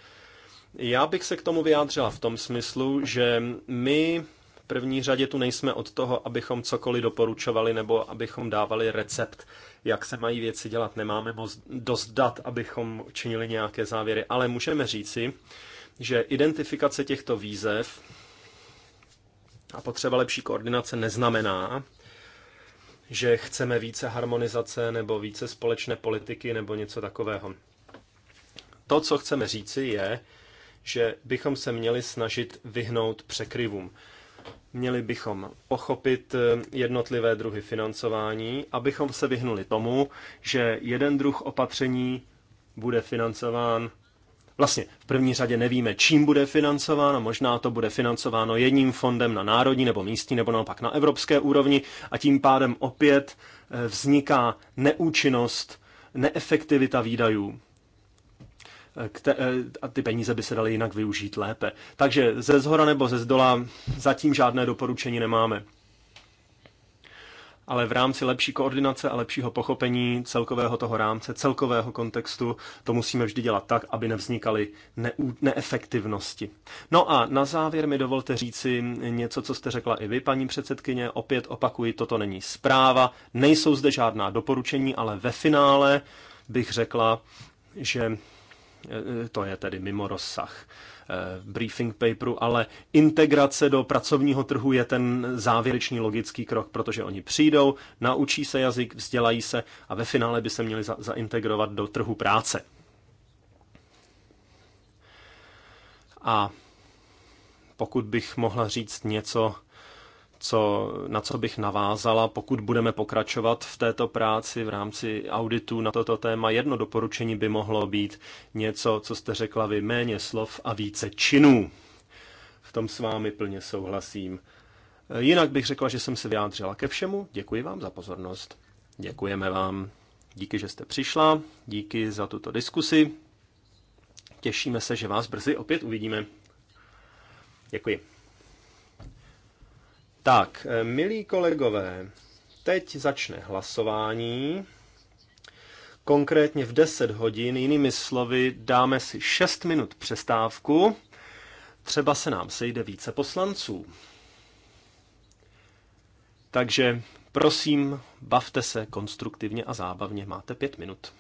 Já bych se k tomu vyjádřila v tom smyslu, že my v první řadě tu nejsme od toho, abychom cokoliv doporučovali nebo abychom dávali recept, jak se mají věci dělat. Nemáme moc dost dat, abychom činili nějaké závěry, ale můžeme říci, že identifikace těchto výzev a potřeba lepší koordinace neznamená, že chceme více harmonizace nebo více společné politiky nebo něco takového. To, co chceme říci, je, že bychom se měli snažit vyhnout překryvům. Měli bychom pochopit eh, jednotlivé druhy financování, abychom se vyhnuli tomu, že jeden druh opatření bude financován Vlastně v první řadě nevíme, čím bude financováno, možná to bude financováno jedním fondem na národní nebo místní nebo naopak na evropské úrovni a tím pádem opět eh, vzniká neúčinnost, neefektivita výdajů. Eh, eh, a ty peníze by se daly jinak využít lépe. Takže ze zhora nebo ze zdola zatím žádné doporučení nemáme ale v rámci lepší koordinace a lepšího pochopení celkového toho rámce, celkového kontextu, to musíme vždy dělat tak, aby nevznikaly ne- neefektivnosti. No a na závěr mi dovolte říci něco, co jste řekla i vy, paní předsedkyně. Opět opakuji, toto není zpráva, nejsou zde žádná doporučení, ale ve finále bych řekla, že e, e, to je tedy mimo rozsah Eh, briefing paperu, ale integrace do pracovního trhu je ten závěrečný logický krok, protože oni přijdou, naučí se jazyk, vzdělají se a ve finále by se měli za- zaintegrovat do trhu práce. A pokud bych mohla říct něco co, na co bych navázala, pokud budeme pokračovat v této práci v rámci auditu na toto téma. Jedno doporučení by mohlo být něco, co jste řekla vy, méně slov a více činů. V tom s vámi plně souhlasím. Jinak bych řekla, že jsem se vyjádřila ke všemu. Děkuji vám za pozornost. Děkujeme vám. Díky, že jste přišla. Díky za tuto diskusi. Těšíme se, že vás brzy opět uvidíme. Děkuji. Tak, eh, milí kolegové, teď začne hlasování. Konkrétně v 10 hodin, jinými slovy, dáme si 6 minut přestávku. Třeba se nám sejde více poslanců. Takže prosím, bavte se konstruktivně a zábavně. Máte pět minut.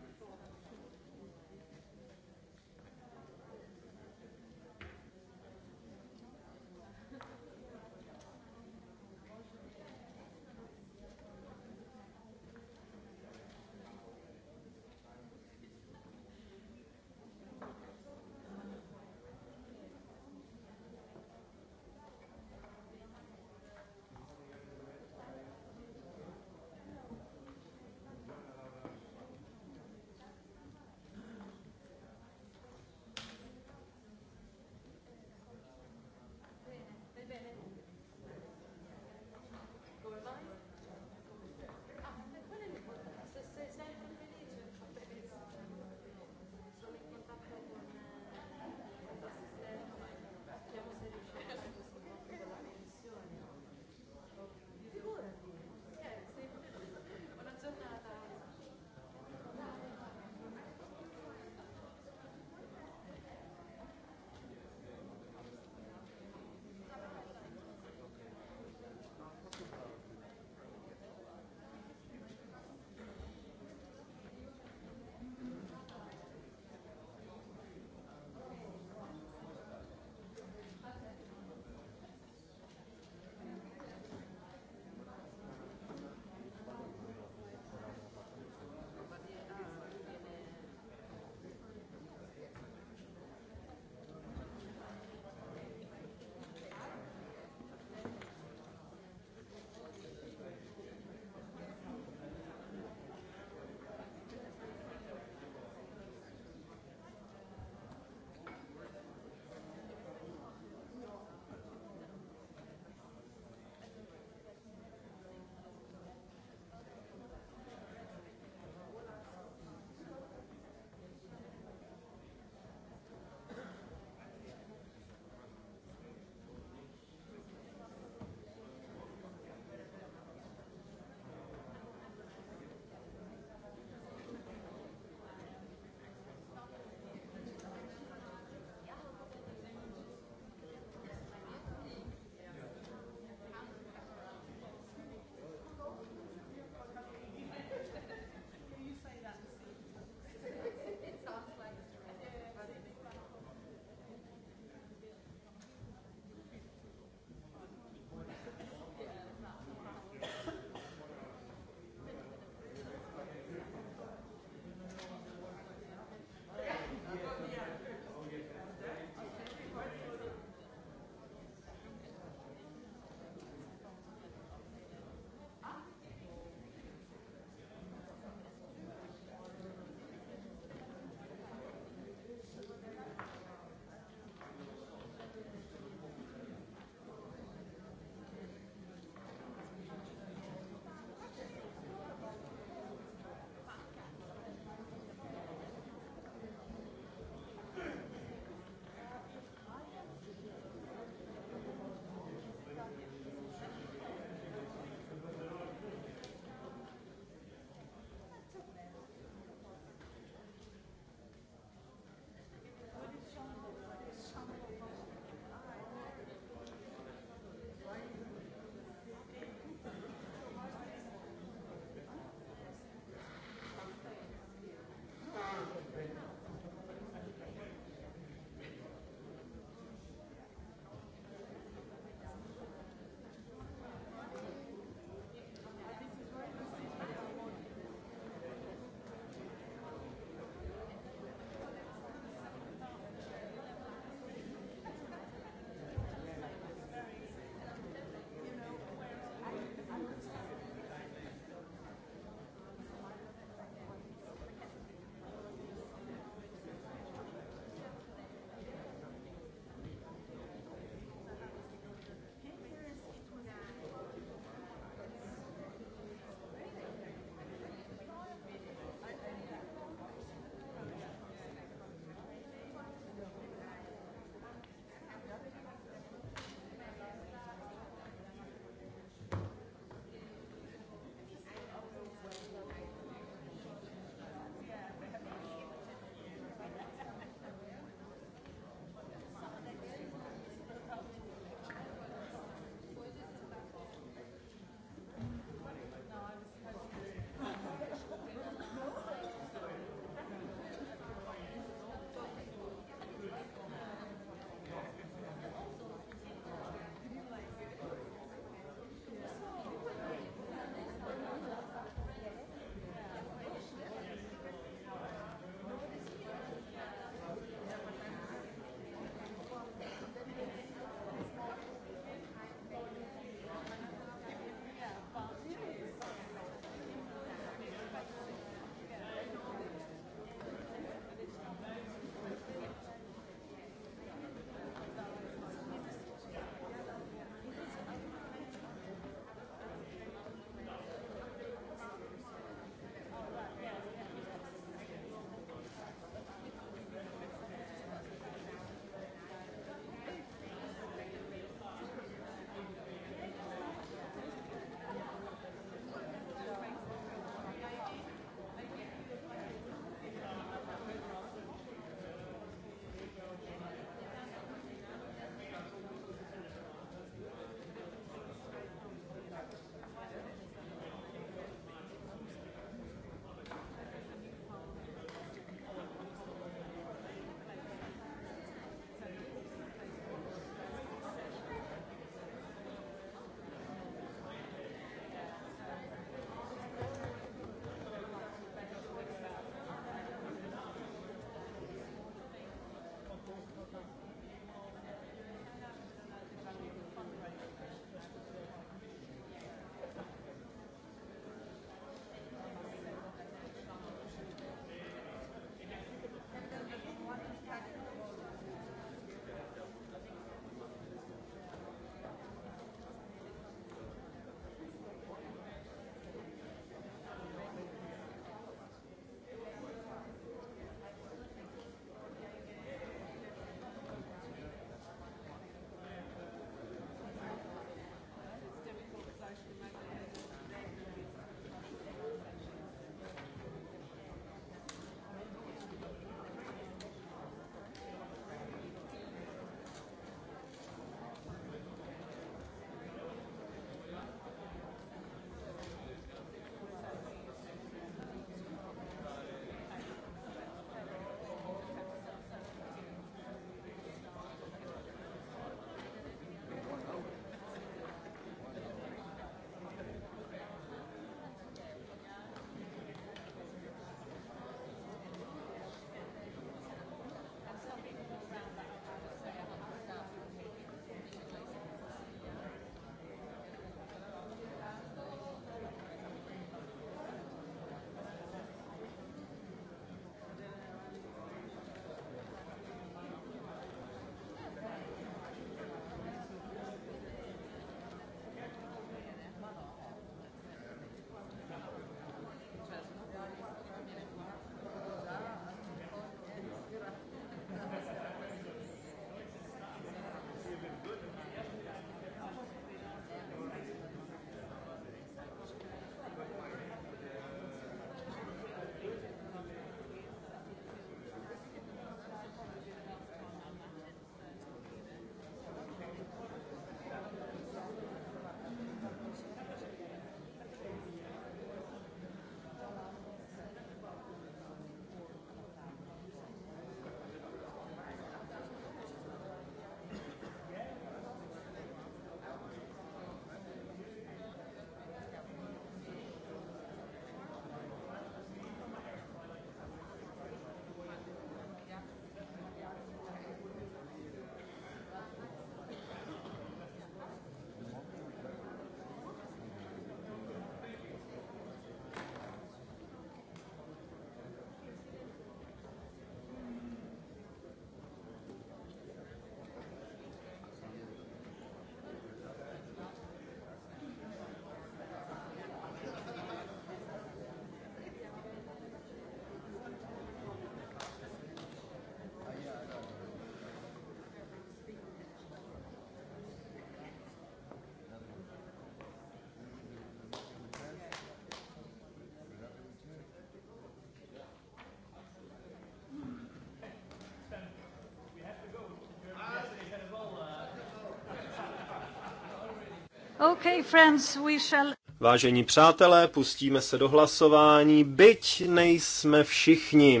Okay, friends, we shall... Vážení přátelé, pustíme se do hlasování, byť nejsme všichni,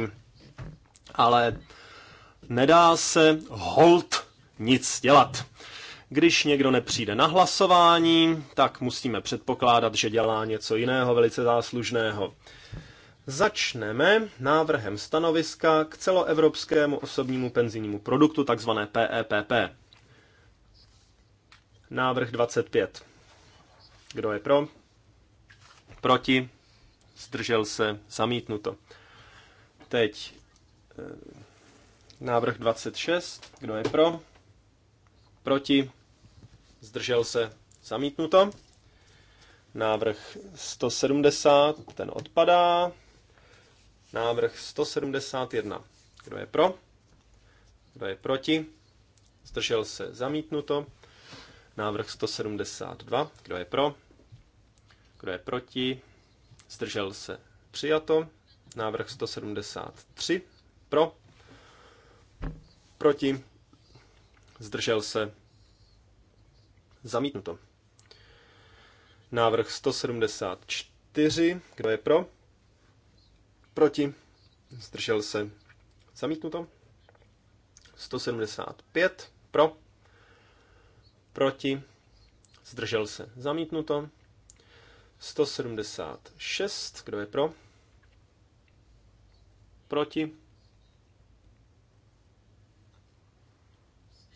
ale nedá se hold nic dělat. Když někdo nepřijde na hlasování, tak musíme předpokládat, že dělá něco jiného velice záslužného. Začneme návrhem stanoviska k celoevropskému osobnímu penzijnímu produktu, takzvané PEPP. E Návrh 25. Kdo je pro? Proti? Zdržel se? Zamítnuto. Teď eh, návrh 26. Kdo je pro? Proti? Zdržel se? Zamítnuto. Návrh 170, ten odpadá. Návrh 171. Kdo je pro? Kdo je proti? Zdržel se? Zamítnuto. Návrh 172. Kdo je pro? Kdo je proti? Zdržel se. Přijato. Návrh 173. Pro. Proti. Zdržel se. Zamítnuto. Návrh 174. Kdo je pro? Proti. Zdržel se. Zamítnuto. 175. Pro proti, zdržel se, zamítnuto. 176, kdo je pro, proti,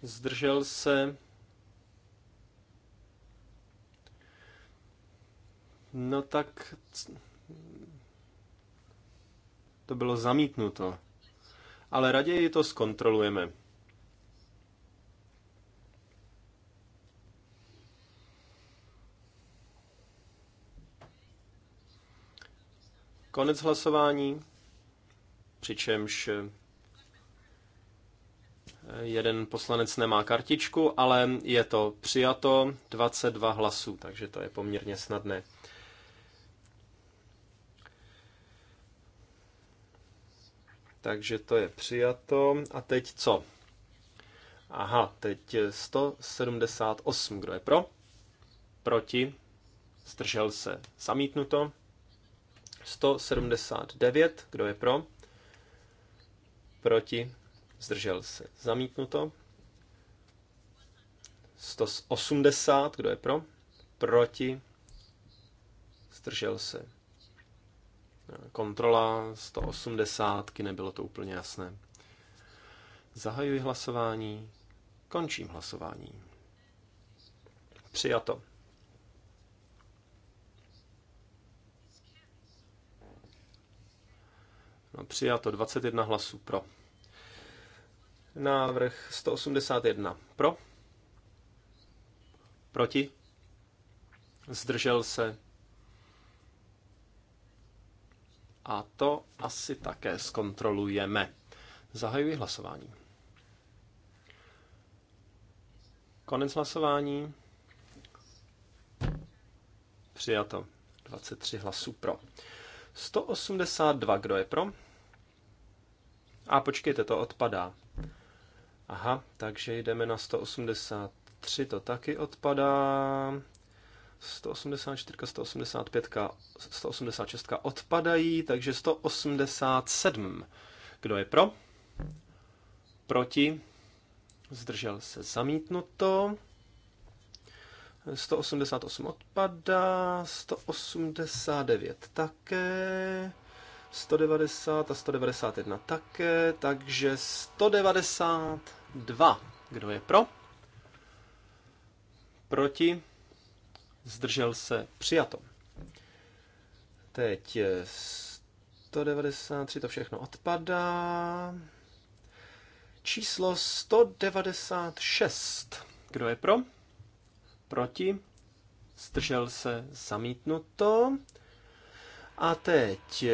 zdržel se, No tak to bylo zamítnuto. Ale raději to zkontrolujeme. Konec hlasování, přičemž eh, jeden poslanec nemá kartičku, ale je to přijato 22 hlasů, takže to je poměrně snadné. Takže to je přijato. A teď co? Aha, teď 178. Kdo je pro? Proti? Zdržel se. Zamítnuto. 179, kdo je pro? Proti, zdržel se. Zamítnuto. 180, kdo je pro? Proti, zdržel se. Kontrola 180, nebylo to úplně jasné. Zahajuji hlasování, končím hlasování. Přijato. No, přijato 21 hlasů pro. Návrh 181 pro. Proti. Zdržel se. A to asi také zkontrolujeme. Zahajuji hlasování. Konec hlasování. Přijato. 23 hlasů pro. 182, kdo je pro? A počkejte, to odpadá. Aha, takže jdeme na 183, to taky odpadá. 184, 185, 186 odpadají, takže 187. Kdo je pro? Proti? Zdržel se zamítnuto. 188 odpadá, 189 také, 190 a 191 také, takže 192. Kdo je pro? Proti? Zdržel se přijato. Teď 193, to všechno odpadá. Číslo 196. Kdo je pro? Proti? Zdržel se zamítnuto. A teď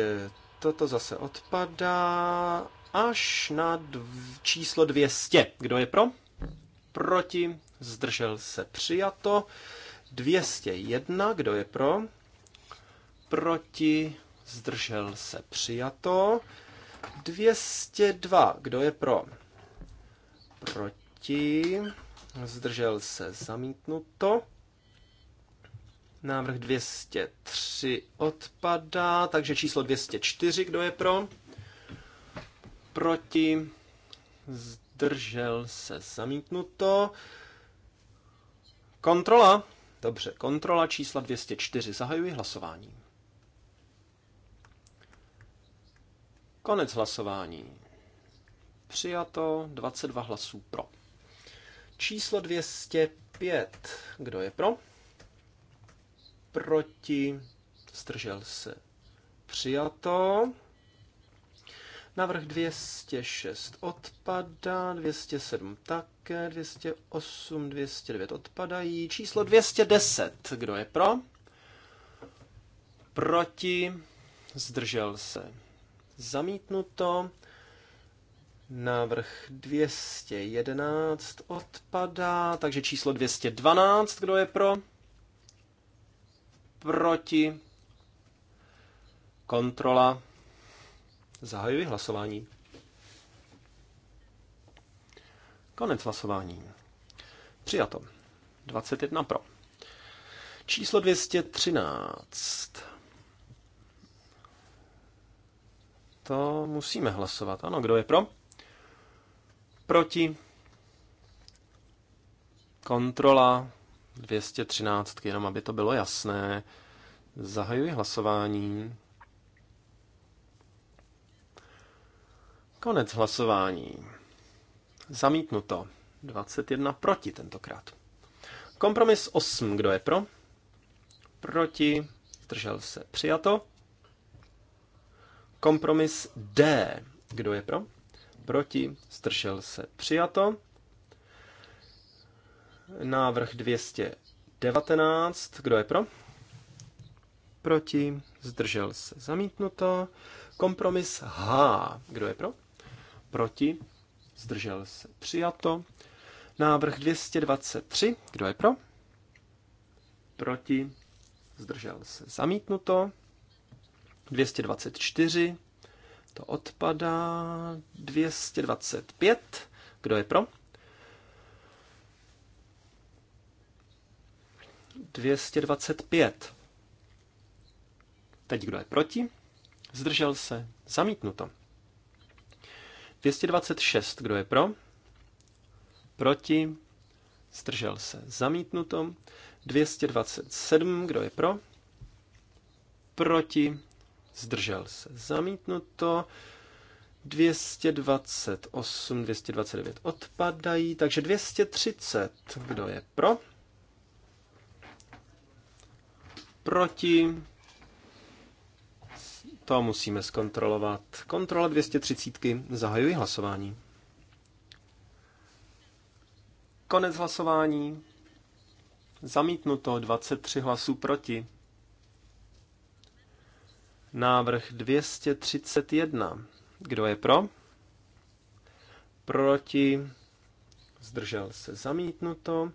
Toto zase odpadá až na dv- číslo 200. Kdo je pro? Proti. Zdržel se přijato. 201. Kdo je pro? Proti. Zdržel se přijato. 202. Kdo je pro? Proti. Zdržel se zamítnuto. Návrh 203 odpadá, takže číslo 204, kdo je pro? Proti? Zdržel se zamítnuto. Kontrola. Dobře, kontrola čísla 204. Zahajuji hlasování. Konec hlasování. Přijato 22 hlasů pro. Číslo 205. Kdo je pro? proti, zdržel se přijato. Navrh 206 odpadá, 207 také, 208, 209 odpadají. Číslo 210, kdo je pro? Proti, zdržel se. Zamítnuto. Návrh 211 odpadá, takže číslo 212, kdo je pro? proti, kontrola, zahajuji hlasování. Konec hlasování. Přijato. 21 pro. Číslo 213. To musíme hlasovat. Ano, kdo je pro? Proti. Kontrola. 213, jenom aby to bylo jasné. Zahajuji hlasování. Konec hlasování. Zamítnuto. 21 proti tentokrát. Kompromis 8. Kdo je pro? Proti. Zdržel se. Přijato. Kompromis D. Kdo je pro? Proti. Zdržel se. Přijato. Návrh 219. Kdo je pro? Proti. Zdržel se. Zamítnuto. Kompromis H. Kdo je pro? Proti. Zdržel se. Přijato. Návrh 223. Kdo je pro? Proti. Zdržel se. Zamítnuto. 224. To odpadá. 225. Kdo je pro? 225. Teď kdo je proti? Zdržel se. Zamítnuto. 226. Kdo je pro? Proti. Zdržel se. Zamítnuto. 227. Kdo je pro? Proti. Zdržel se. Zamítnuto. 228, 229 odpadají, takže 230. Kdo je pro? proti. To musíme zkontrolovat. Kontrola 230. Zahajuji hlasování. Konec hlasování. Zamítnuto 23 hlasů proti. Návrh 231. Kdo je pro? Proti. Zdržel se zamítnuto.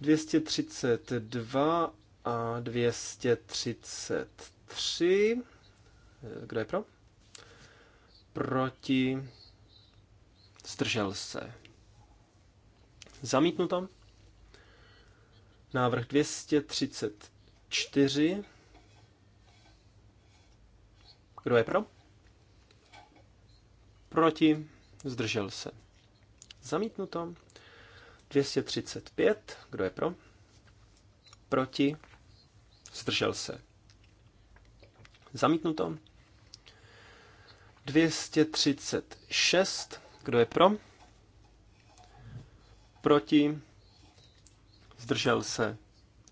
232 a 233. Kdo je pro? Proti. Zdržel se. Zamítnuto. Návrh 234. Kdo je pro? Proti. Zdržel se. Zamítnuto. 235. Kdo je pro? Proti zdržel se. Zamítnuto. 236, kdo je pro? Proti, zdržel se.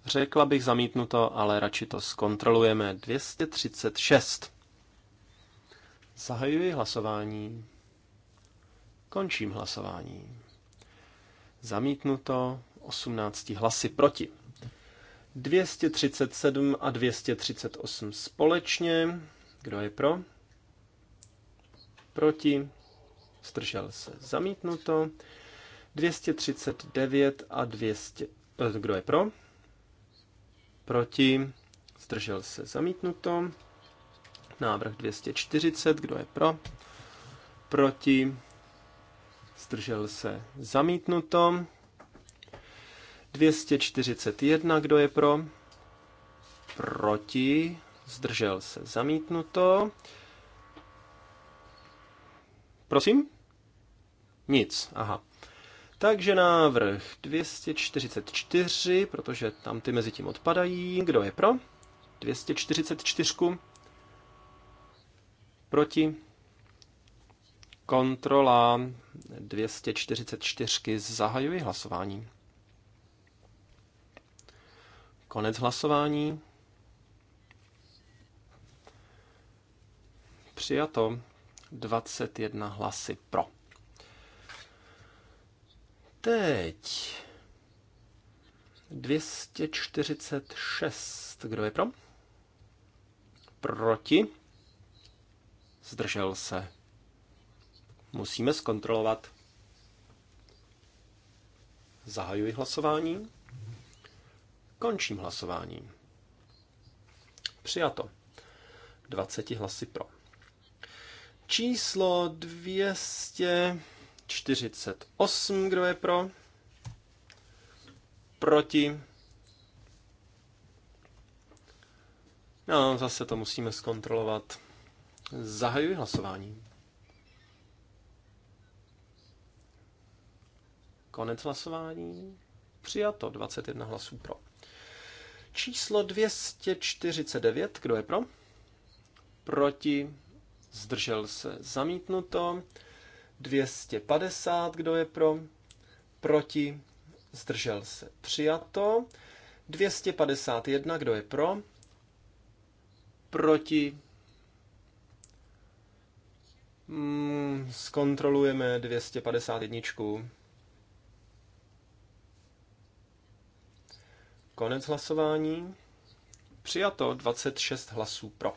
Řekla bych zamítnuto, ale radši to zkontrolujeme. 236. Zahajuji hlasování. Končím hlasování. Zamítnuto 18 hlasy proti. 237 a 238 společně. Kdo je pro? Proti? Zdržel se. Zamítnuto. 239 a 200... Eh, kdo je pro? Proti? Zdržel se. Zamítnuto. Návrh 240. Kdo je pro? Proti? Zdržel se. Zamítnuto. 241, kdo je pro? Proti, zdržel se, zamítnuto. Prosím? Nic, aha. Takže návrh 244, protože tam ty mezi tím odpadají. Kdo je pro? 244. Proti? Kontrola 244. Zahajuji hlasování. Konec hlasování. Přijato 21 hlasy pro. Teď 246. Kdo je pro? Proti? Zdržel se. Musíme zkontrolovat. Zahajuji hlasování. Končím hlasování. Přijato. 20 hlasy pro. Číslo 248, kdo je pro? Proti? No, zase to musíme zkontrolovat. Zahajuji hlasování. Konec hlasování. Přijato 21 hlasů pro. Číslo 249, kdo je pro? Proti, zdržel se, zamítnuto. 250, kdo je pro? Proti, zdržel se, přijato. 251, kdo je pro? Proti, Mm, zkontrolujeme 251. Konec hlasování. Přijato 26 hlasů pro.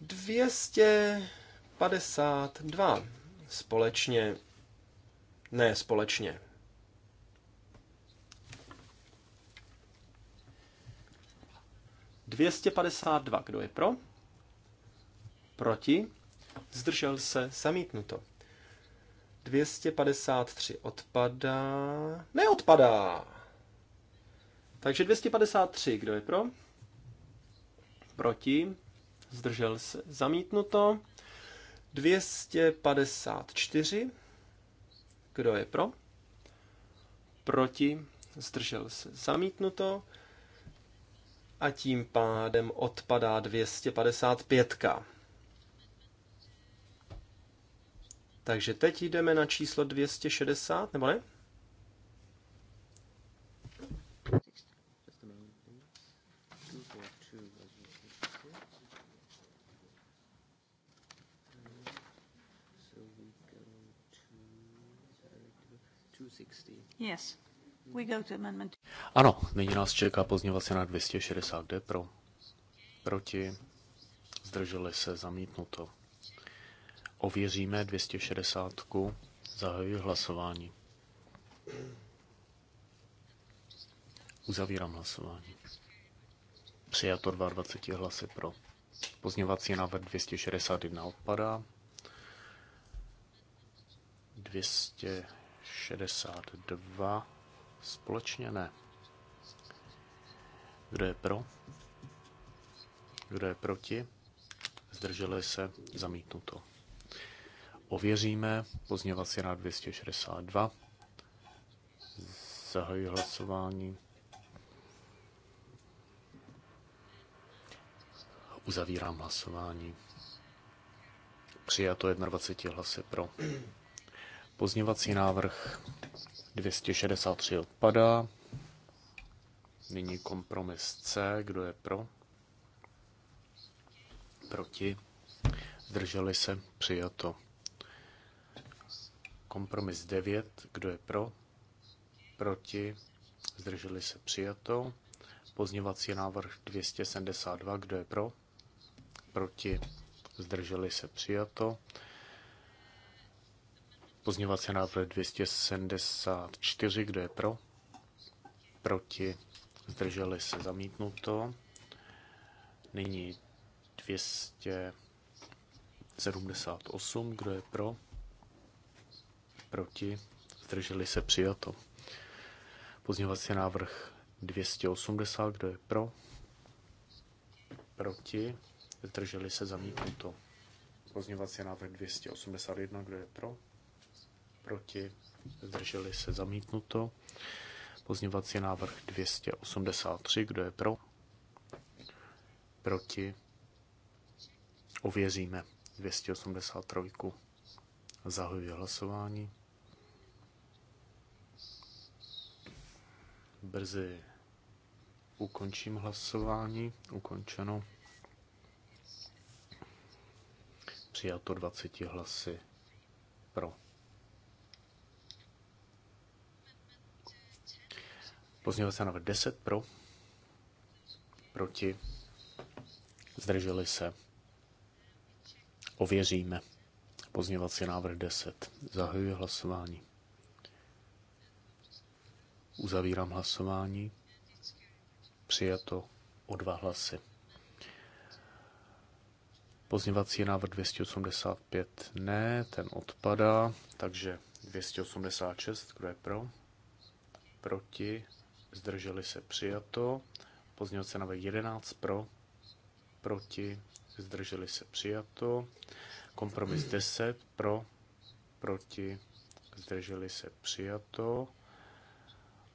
252 společně. Ne, společně. Dvěstě padesát dva. Kdo je pro? Proti? Zdržel se zamítnuto. 253 odpadá. Neodpadá! Takže 253, kdo je pro? Proti. Zdržel se. Zamítnuto. 254. Kdo je pro? Proti. Zdržel se. Zamítnuto. A tím pádem odpadá 255. Takže teď jdeme na číslo 260, nebo ne? Ano, nyní nás čeká pozněvací na 260, kde pro, proti, zdrželi se, zamítnuto. Ověříme 260, zahajuji hlasování. Uzavírám hlasování. Přijato 22 hlasy pro. Pozněvací návrh 261 odpadá. 200 62 společně ne. Kdo je pro? Kdo je proti? Zdrželi se? Zamítnuto. Ověříme pozněvací rád 262. Zahají hlasování. Uzavírám hlasování. Přijato 21 hlasy pro. Pozněvací návrh 263 odpadá. Nyní kompromis C. Kdo je pro? Proti? Zdrželi se? Přijato. Kompromis 9. Kdo je pro? Proti? Zdrželi se? Přijato. Pozněvací návrh 272. Kdo je pro? Proti? Zdrželi se? Přijato. Pozměňovací návrh 274, kdo je pro? Proti? Zdrželi se zamítnuto. Nyní 278, kdo je pro? Proti? Zdrželi se přijato. Pozměňovací návrh 280, kdo je pro? Proti? Zdrželi se zamítnuto. Pozměňovací návrh 281, kdo je pro? proti, zdrželi se zamítnuto. Pozněvací návrh 283, kdo je pro, proti, ověříme 283. Zahajuji hlasování. Brzy ukončím hlasování. Ukončeno. Přijato 20 hlasy pro. Pozměňovací návrh 10 pro, proti, zdrželi se. Ověříme. Pozměňovací návrh 10. Zahajuji hlasování. Uzavírám hlasování. Přijato o dva hlasy. Pozněvací návrh 285 ne, ten odpadá, takže 286, kdo je pro? Proti, zdrželi se přijato. Pozměňovací návrh 11 pro, proti, zdrželi se přijato. Kompromis 10 pro, proti, zdrželi se přijato.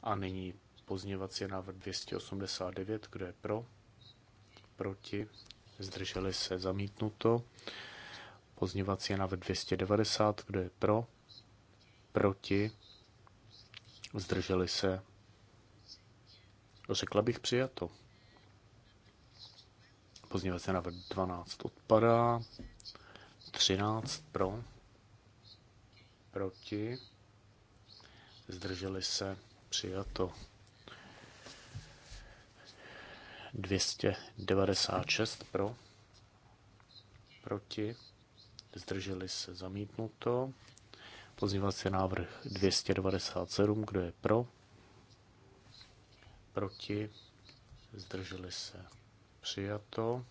A nyní pozměňovací návrh 289, kdo je pro, proti, zdrželi se zamítnuto. Pozměňovací návrh 290, kdo je pro, proti, zdrželi se Řekla bych přijato. se návrh 12 odpadá. 13 pro. Proti. Zdrželi se. Přijato. 296 pro. Proti. Zdrželi se. Zamítnuto. se návrh 297. Kdo je pro? proti, zdrželi se přijato.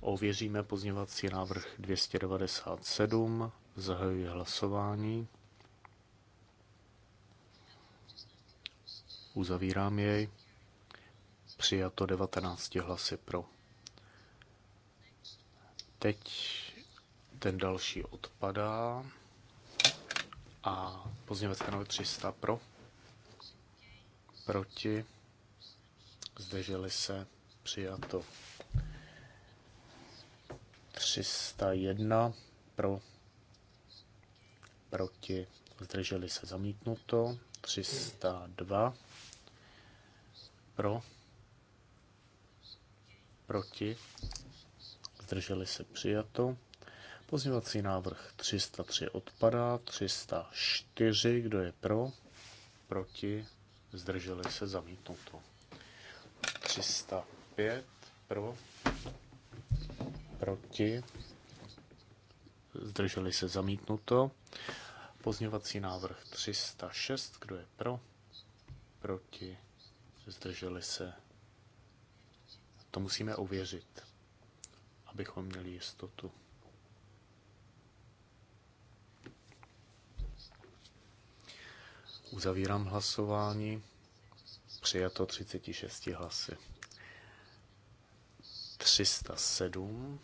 Ověříme pozněvací návrh 297, zahajuji hlasování. Uzavírám jej. Přijato 19 hlasy pro. Teď ten další odpadá a pozněvací návrh 300 pro proti, zdrželi se, přijato. 301 pro, proti, zdrželi se, zamítnuto. 302 pro, proti, zdrželi se, přijato. Pozněvací návrh 303 odpadá, 304, kdo je pro, proti, zdrželi se zamítnuto. 305 pro, proti, zdrželi se zamítnuto. Pozněvací návrh 306, kdo je pro, proti, zdrželi se. To musíme ověřit, abychom měli jistotu. Uzavírám hlasování. Přijato 36 hlasy. 307.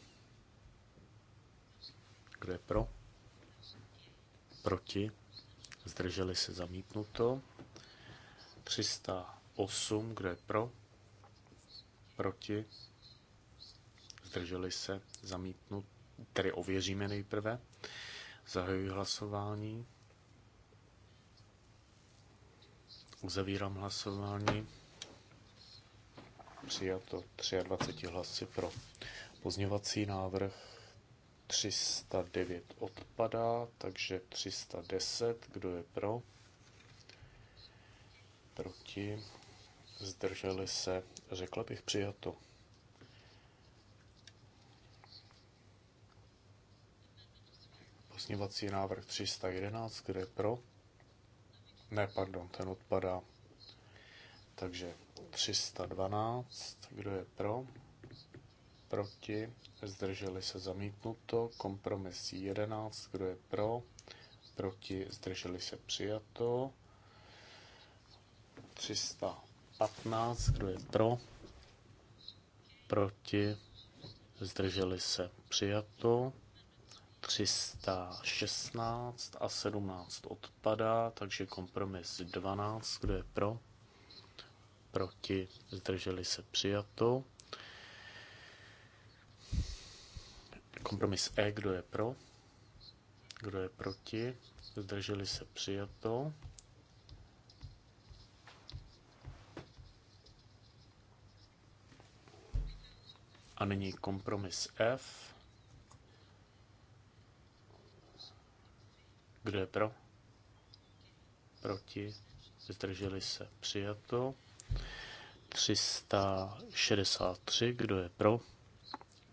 Kdo je pro? Proti? Zdrželi se zamítnuto. 308. Kdo je pro? Proti? Zdrželi se zamítnuto. Tedy ověříme nejprve. Zahajuji hlasování. Uzavírám hlasování. Přijato 23 hlasy pro. Pozněvací návrh 309 odpadá, takže 310, kdo je pro? Proti? Zdrželi se, řekla bych přijato. Pozněvací návrh 311, kdo je pro? Ne, pardon, ten odpadá. Takže 312, kdo je pro? Proti, zdrželi se zamítnuto. Kompromis 11, kdo je pro? Proti, zdrželi se přijato. 315, kdo je pro? Proti, zdrželi se přijato. 316 a 17 odpadá, takže kompromis 12, kdo je pro, proti, zdrželi se přijato. Kompromis E, kdo je pro, kdo je proti, zdrželi se přijato. A nyní kompromis F. Kdo je pro? Proti? Zdrželi se? Přijato. 363. Kdo je pro?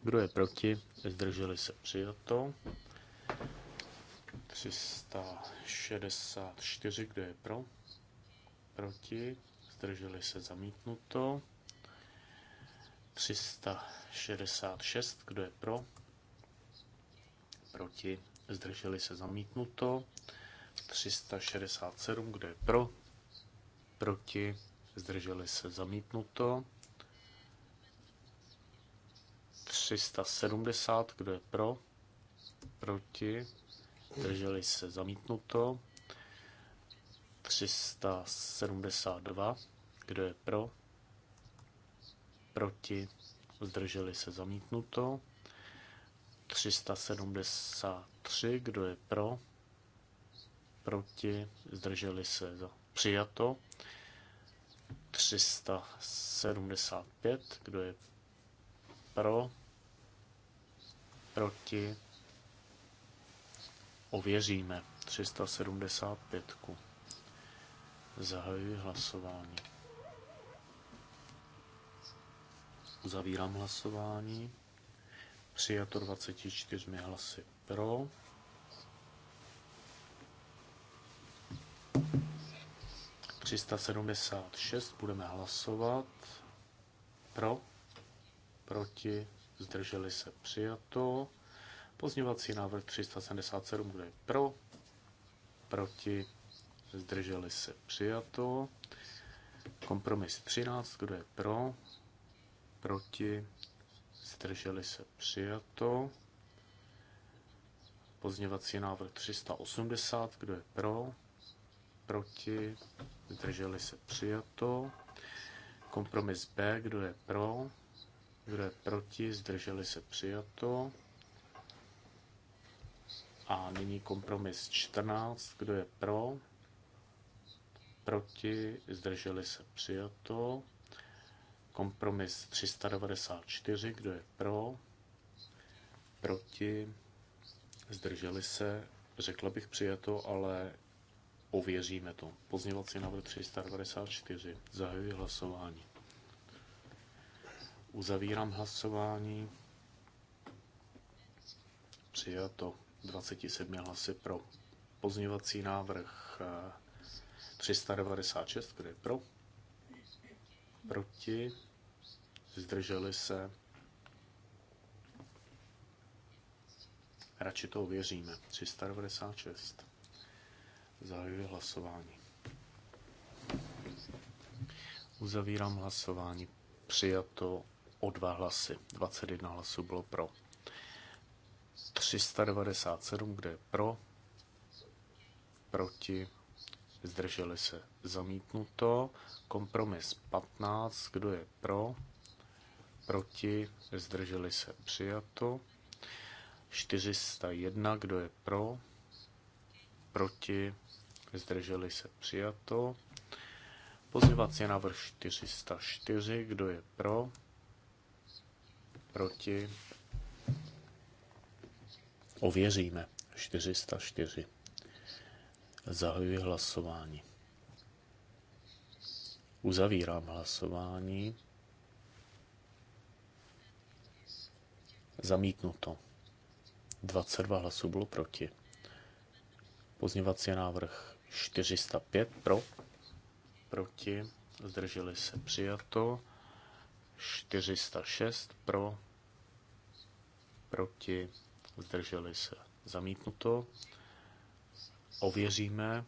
Kdo je proti? Zdrželi se? Přijato. 364. Kdo je pro? Proti? Zdrželi se? Zamítnuto. 366. Kdo je pro? Proti? zdrželi se zamítnuto, 367, kdo je pro, proti, zdrželi se zamítnuto, 370, kdo je pro, proti, zdrželi se zamítnuto, 372, kdo je pro, proti, zdrželi se zamítnuto, 370, 3, kdo je pro, proti, zdrželi se za přijato. 375, kdo je pro, proti, ověříme 375. ku Zahajuji hlasování. Uzavírám hlasování. Přijato 24 hlasy pro. Třista sedmdesát šest budeme hlasovat. Pro, proti, zdrželi se přijato. Pozněvací návrh 377 bude pro, proti, zdrželi se přijato. Kompromis 13, kdo je pro, proti, zdrželi se přijato. Pozněvací návrh 380, kdo je pro, proti, zdrželi se přijato. Kompromis B, kdo je pro, kdo je proti, zdrželi se přijato. A nyní kompromis 14, kdo je pro, proti, zdrželi se přijato. Kompromis 394, kdo je pro, proti, zdrželi se, řekla bych přijato, ale ověříme to. Pozněvací návrh 394, zahajuji hlasování. Uzavírám hlasování. Přijato 27 hlasy pro. Pozněvací návrh 396, eh, kde je pro? Proti? zdrželi se. Radši to ověříme. 396. Zahajuji hlasování. Uzavírám hlasování. Přijato o dva hlasy. 21 hlasů bylo pro. 397, kde je pro, proti, zdrželi se zamítnuto. Kompromis 15, kdo je pro, proti, zdrželi se přijato. 401, kdo je pro, proti, zdrželi se přijato. Pozměvací návrh 404, kdo je pro, proti, ověříme 404. Zahajuji hlasování. Uzavírám hlasování. Zamítnuto. 22 hlasů bylo proti. Pozněvací návrh 405 pro, proti, zdrželi se přijato. 406 pro, proti, zdrželi se zamítnuto. Ověříme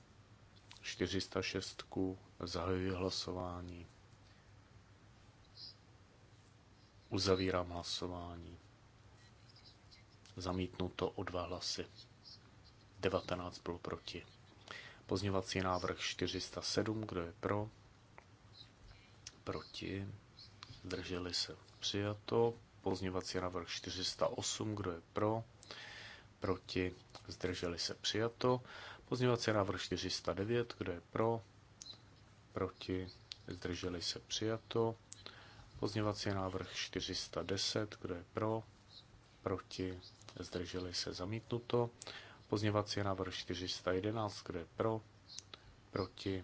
406. Zahajuji hlasování. Uzavírám hlasování zamítnuto o dva hlasy. 19 bylo proti. Pozměvací návrh 407, kdo je pro? Proti. Zdrželi se. Přijato. Pozměvací návrh 408, kdo je pro? Proti. Zdrželi se. Přijato. Pozměvací návrh 409, kdo je pro? Proti. Zdrželi se. Přijato. Pozněvací návrh 410, kdo je pro? Proti zdrželi se zamítnuto. Pozněvací návrh 411, kdo je pro, proti,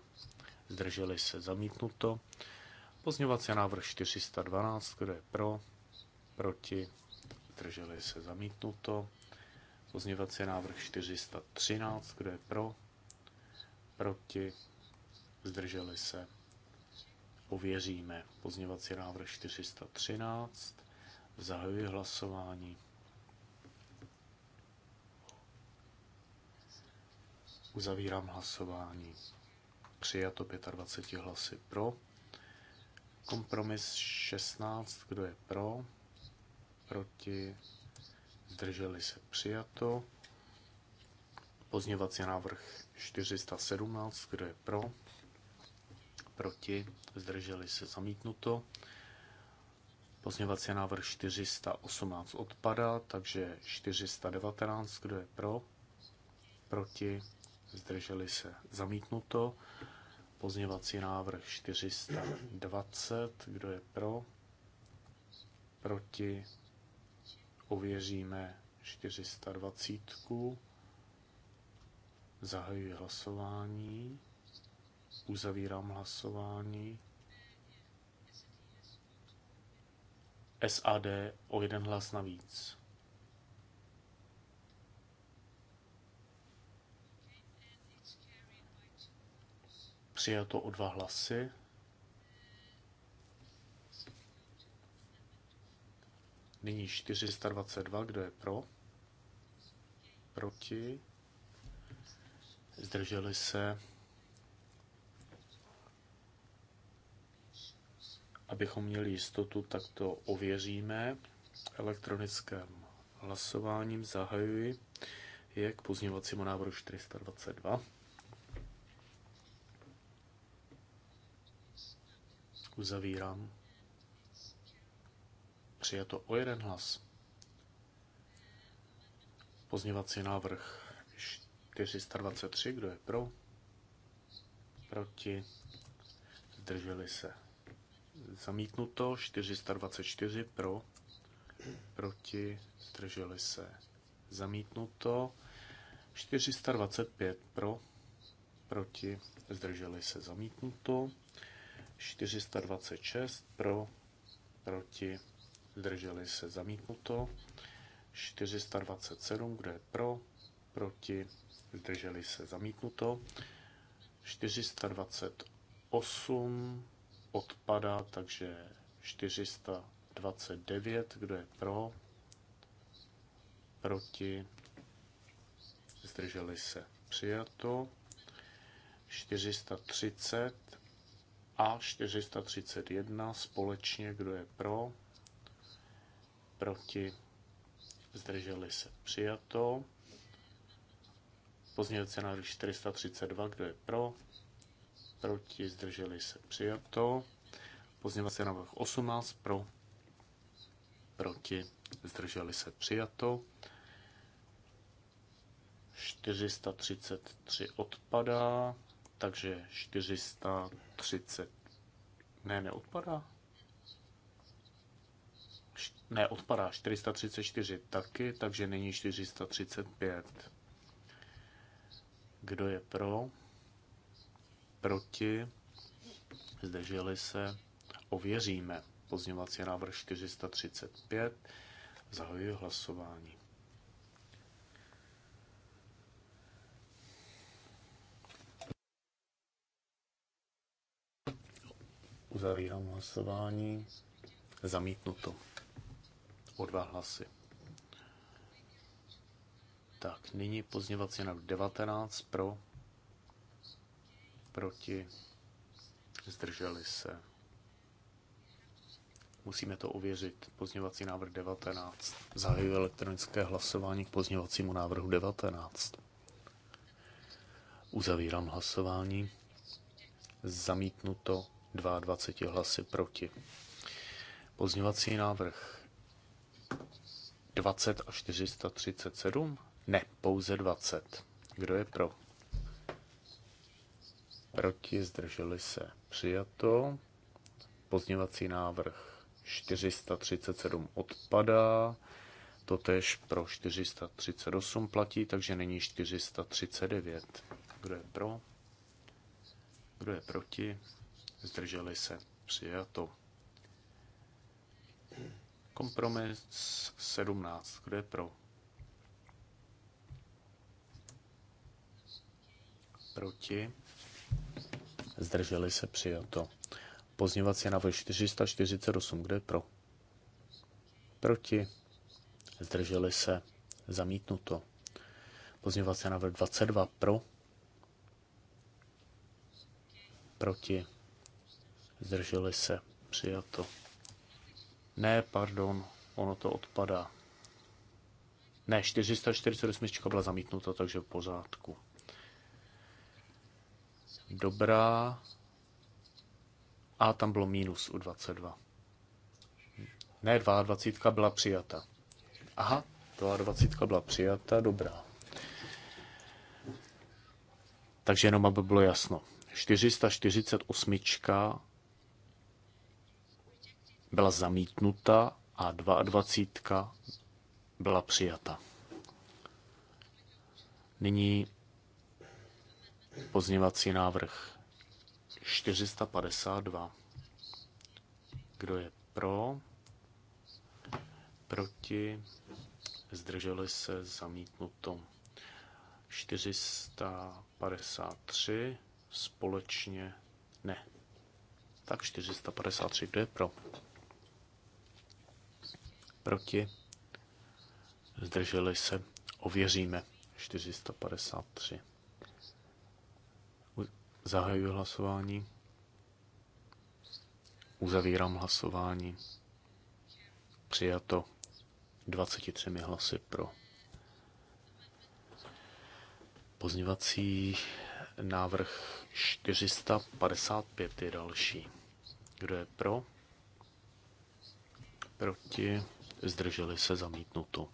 zdrželi se zamítnuto. Pozněvací návrh 412, kdo je pro, proti, zdrželi se zamítnuto. Pozněvací návrh 413, kdo je pro, proti, zdrželi se. Ověříme pozněvací návrh 413. Zahajuji hlasování. Uzavírám hlasování. Přijato 25 hlasy pro. Kompromis 16, kdo je pro? Proti? Zdrželi se přijato. Pozněvací návrh 417, kdo je pro? Proti? Zdrželi se zamítnuto. Pozněvací návrh 418 odpadá, takže 419, kdo je pro? Proti? zdrželi se zamítnuto. Pozněvací návrh 420, kdo je pro, proti, ověříme 420. Zahajuji hlasování. Uzavírám hlasování. SAD o jeden hlas navíc. Přijato o dva hlasy. Nyní 422, kdo je pro? Proti? Zdrželi se? Abychom měli jistotu, tak to ověříme elektronickém hlasováním. Zahajuji je k pozněvacímu návrhu 422. Uzavírám. Přijato o jeden hlas. Pozněvací návrh 423, kdo je pro? Proti? Zdrželi se. Zamítnuto 424 pro, proti, zdrželi se. Zamítnuto 425 pro, proti, zdrželi se. Zamítnuto 426 pro, proti, zdrželi se zamítnuto. 427, kdo je pro, proti, zdrželi se zamítnuto. 428 odpadá, takže 429, kdo je pro, proti, zdrželi se přijato. 430 a 431 společně, kdo je pro, proti, zdrželi se přijato. Pozměňovací návrh 432, kdo je pro, proti, zdrželi se přijato. Pozměňovací návrh 18 pro, proti, zdrželi se přijato. 433 odpadá, takže 430. Ne, neodpadá. Ne, odpadá. 434 taky, takže není 435. Kdo je pro? Proti? Zdeželi se? Ověříme. Pozněvací návrh 435. Zahajuji hlasování. Uzavírám hlasování. Zamítnuto. O dva hlasy. Tak, nyní pozněvací návrh 19 pro, proti, zdrželi se. Musíme to ověřit. Pozněvací návrh 19. Zahajuji elektronické hlasování k pozněvacímu návrhu 19. Uzavírám hlasování. Zamítnuto 22 hlasy proti. Pozněvací návrh 20 a 437? Ne, pouze 20. Kdo je pro? Proti zdrželi se. Přijato. Pozněvací návrh 437 odpadá. Totež pro 438 platí, takže není 439. Kdo je pro? Kdo je proti? zdrželi se, přijato. Kompromis 17, kdo je pro? Proti? Zdrželi se, přijato. Pozněvací návrh 448, kdo je pro? Proti? Zdrželi se, zamítnuto. Pozněvací návrh 22 pro? Proti? zdrželi se, přijato. Ne, pardon, ono to odpadá. Ne, 448 byla zamítnuta, takže v pořádku. Dobrá. A tam bylo minus u 22. Ne, 22 byla přijata. Aha, 22 byla přijata, dobrá. Takže jenom, aby bylo jasno. 448 byla zamítnuta a 22 byla přijata. Nyní pozněvací návrh 452. Kdo je pro? Proti? Zdrželi se zamítnuto. 453 společně ne. Tak 453, kdo je pro? proti, zdrželi se, ověříme 453. Zahajuji hlasování, uzavírám hlasování, přijato 23 hlasy pro. Pozněvací návrh 455 je další. Kdo je pro? Proti? zdrželi se zamítnuto.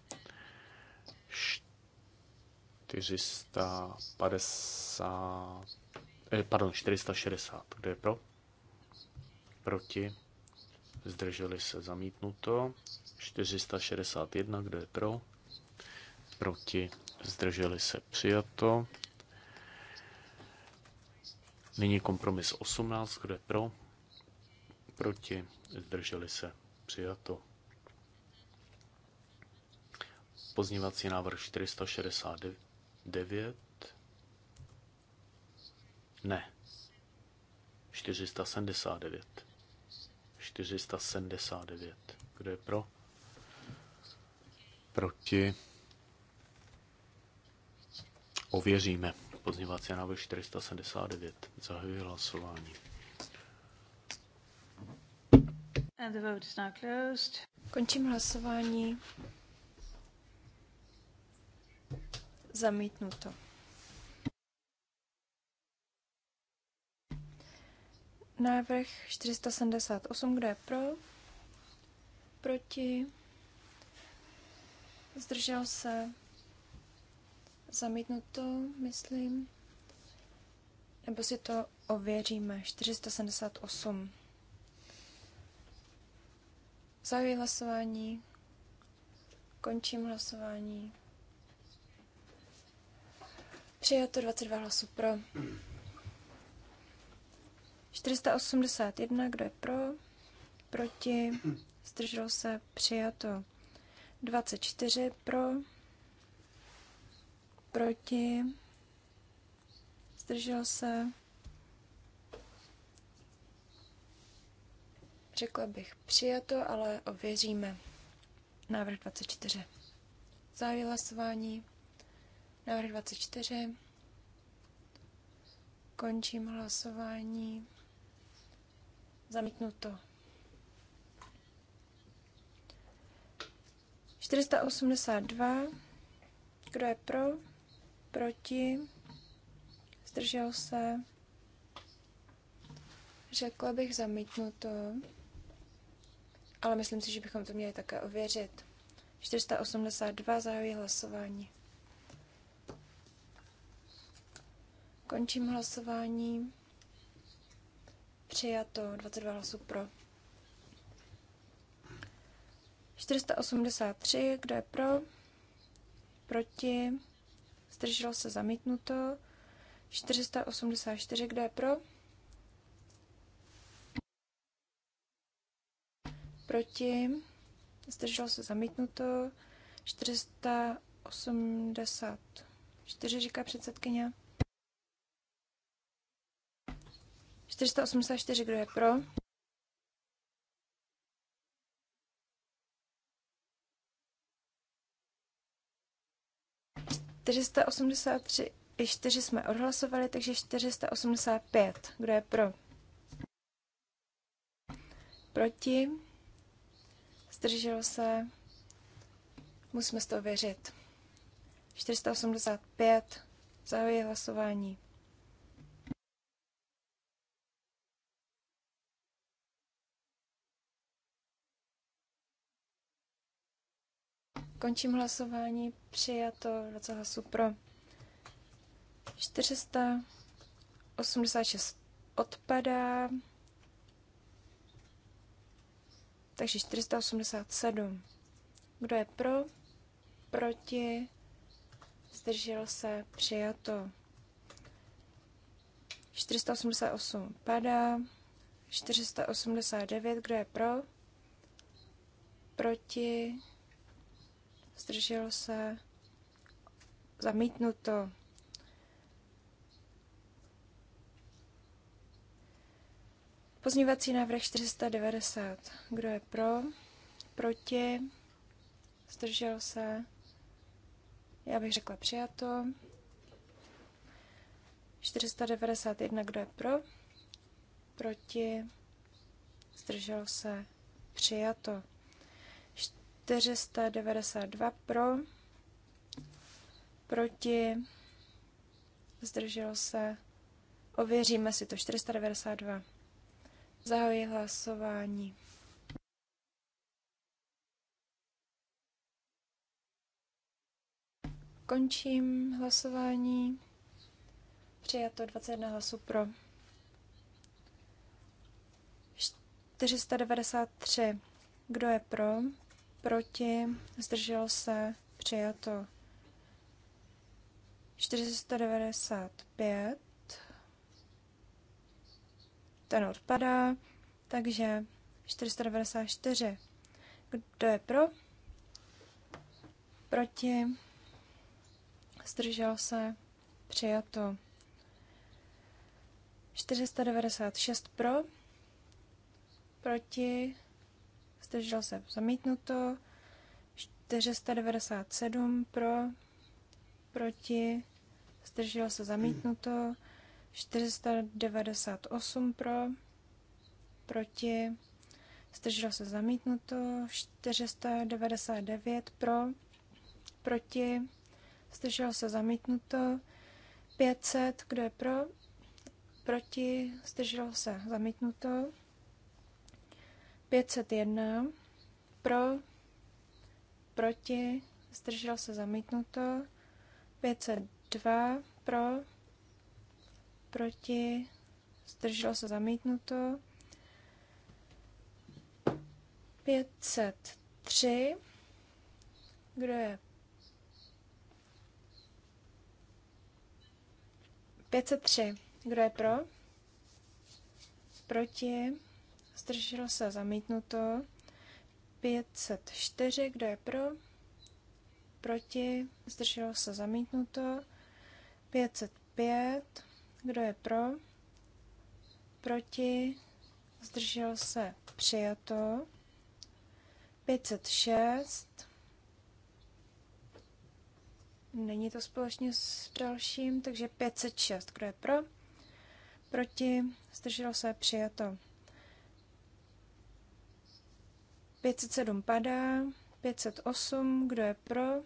450, eh, pardon, 460, kde je pro? Proti, zdrželi se zamítnuto. 461, kde je pro? Proti, zdrželi se přijato. Nyní kompromis 18, kde je pro? Proti, zdrželi se přijato. Pozněvací návrh 469. Ne. 479. 479. Kdo je pro? Proti. Ověříme. Pozněvací návrh 479. Zahajuji hlasování. And the vote is now closed. Končím hlasování. Zamítnuto. Návrh 478, kdo je pro? Proti? Zdržel se? Zamítnuto, myslím. Nebo si to ověříme. 478. Zahajuji hlasování. Končím hlasování. Přijato 22 hlasů pro. 481, kdo je pro? Proti? Zdrželo se? Přijato. 24 pro? Proti? Zdrželo se? Řekla bych přijato, ale ověříme. Návrh 24. Zahájí hlasování. Návrh 24. Končím hlasování. Zamítnuto. 482. Kdo je pro? Proti? Zdržel se? Řekla bych zamítnuto, ale myslím si, že bychom to měli také ověřit. 482 zahajuji hlasování. Končím hlasování. Přijato 22 hlasů pro. 483, kdo je pro? Proti? Zdrželo se zamítnuto. 484, kdo je pro? Proti? Zdrželo se zamítnuto. 484, říká předsedkyně. 484, kdo je pro? 483 i čtyři jsme odhlasovali, takže 485. Kdo je pro? Proti? Zdrželo se? Musíme z toho věřit. 485. Zahajuji hlasování. Končím hlasování. Přijato 20 hlasů pro. 486 odpadá. Takže 487. Kdo je pro? Proti? Zdržel se? Přijato. 488 padá. 489. Kdo je pro? Proti? zdrželo se, zamítnuto. Pozměňovací návrh 490. Kdo je pro? Proti? Zdrželo se? Já bych řekla přijato. 491. Kdo je pro? Proti? Zdrželo se? Přijato. 492 pro, proti, zdrželo se, ověříme si to, 492. Zahoji hlasování. Končím hlasování. Přijato 21 hlasů pro. 493. Kdo je pro? proti, zdrželo se, přijato. 495, ten odpadá, takže 494. Kdo je pro? Proti, zdrželo se, přijato. 496 pro, proti, zdržel se zamítnuto, 497 pro, proti, zdržel se zamítnuto, 498 pro, proti, zdržel se zamítnuto, 499 pro, proti, zdržel se zamítnuto, 500, kdo je pro, proti, zdržel se zamítnuto, 501 pro, proti, zdržel se zamítnuto. 502 pro, proti, zdržel se zamítnuto. 503, kdo je 503. Kdo je pro? Proti? zdržel se zamítnuto. 504, kdo je pro, proti, zdrželo se zamítnuto. 505, kdo je pro, proti, zdržel se přijato. 506, není to společně s dalším, takže 506, kdo je pro, proti, zdrželo se přijato. 507 padá, 508, kdo je pro,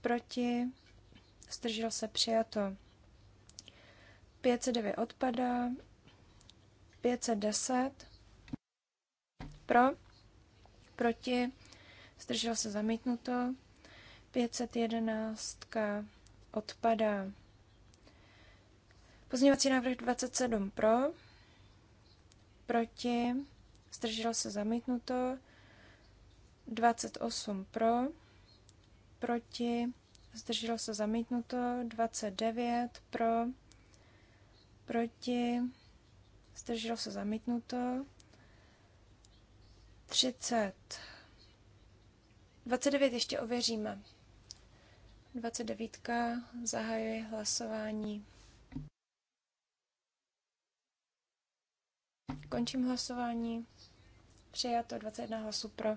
proti, zdržel se přijato. 509 odpadá, 510 pro, proti, zdržel se zamítnuto, 511 odpadá. Pozměňovací návrh 27 pro, proti, zdržel se zamítnuto, 28 pro, proti, zdržel se zamítnuto, 29 pro, proti, zdržel se zamítnuto, 30, 29 ještě ověříme. 29. zahajuje hlasování. Končím hlasování. Přijato 21 hlasů pro.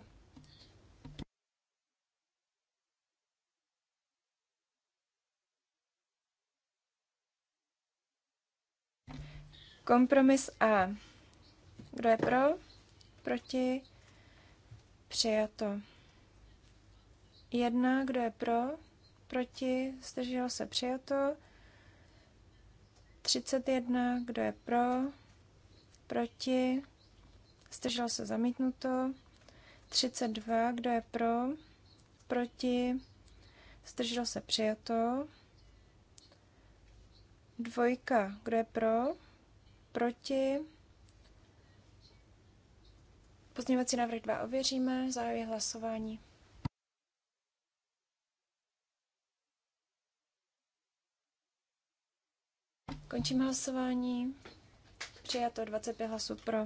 Kompromis A. Kdo je pro? Proti? Přijato. Jedna, kdo je pro? Proti? Zdrželo se přijato. 31, kdo je pro? Proti? Zdržel se zamítnuto. 32, kdo je pro? Proti? Zdržel se přijato. Dvojka, kdo je pro? Proti? Pozměňovací návrh 2 ověříme, zahajuji hlasování. Končím hlasování. Přijato 25 hlasů pro.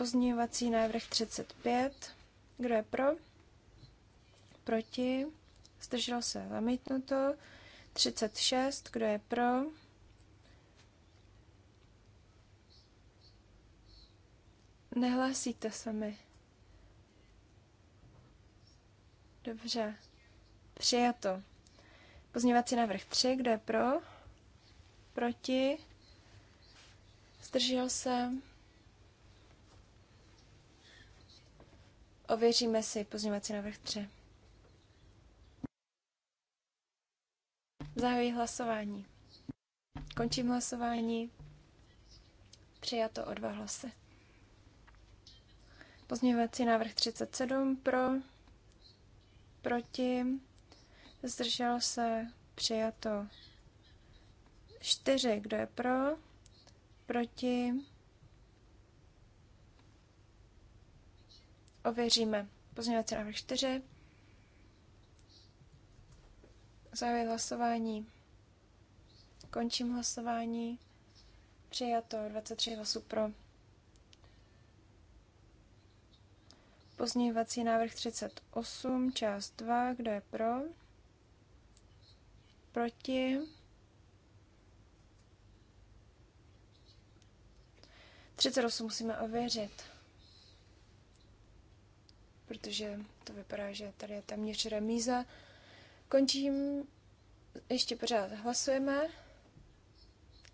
Pozměňovací návrh 35. Kdo je pro? Proti? Zdržel se zamítnuto. 36. Kdo je pro? Nehlásíte se mi. Dobře. Přijato. Pozměňovací návrh 3. Kdo je pro? Proti? Zdržel se. Ověříme si pozměňovací návrh 3. Zahajuji hlasování. Končím hlasování. Přijato o dva hlasy. Pozměňovací návrh 37 pro, proti, zdržel se, přijato 4, kdo je pro, proti, Ověříme. Pozměňovací návrh 4. Zahajuji hlasování. Končím hlasování. Přijato 23 hlasů pro. Pozměňovací návrh 38, část 2. Kdo je pro? Proti? Třicet osm musíme ověřit protože to vypadá, že tady je téměř remíza. Končím, ještě pořád hlasujeme.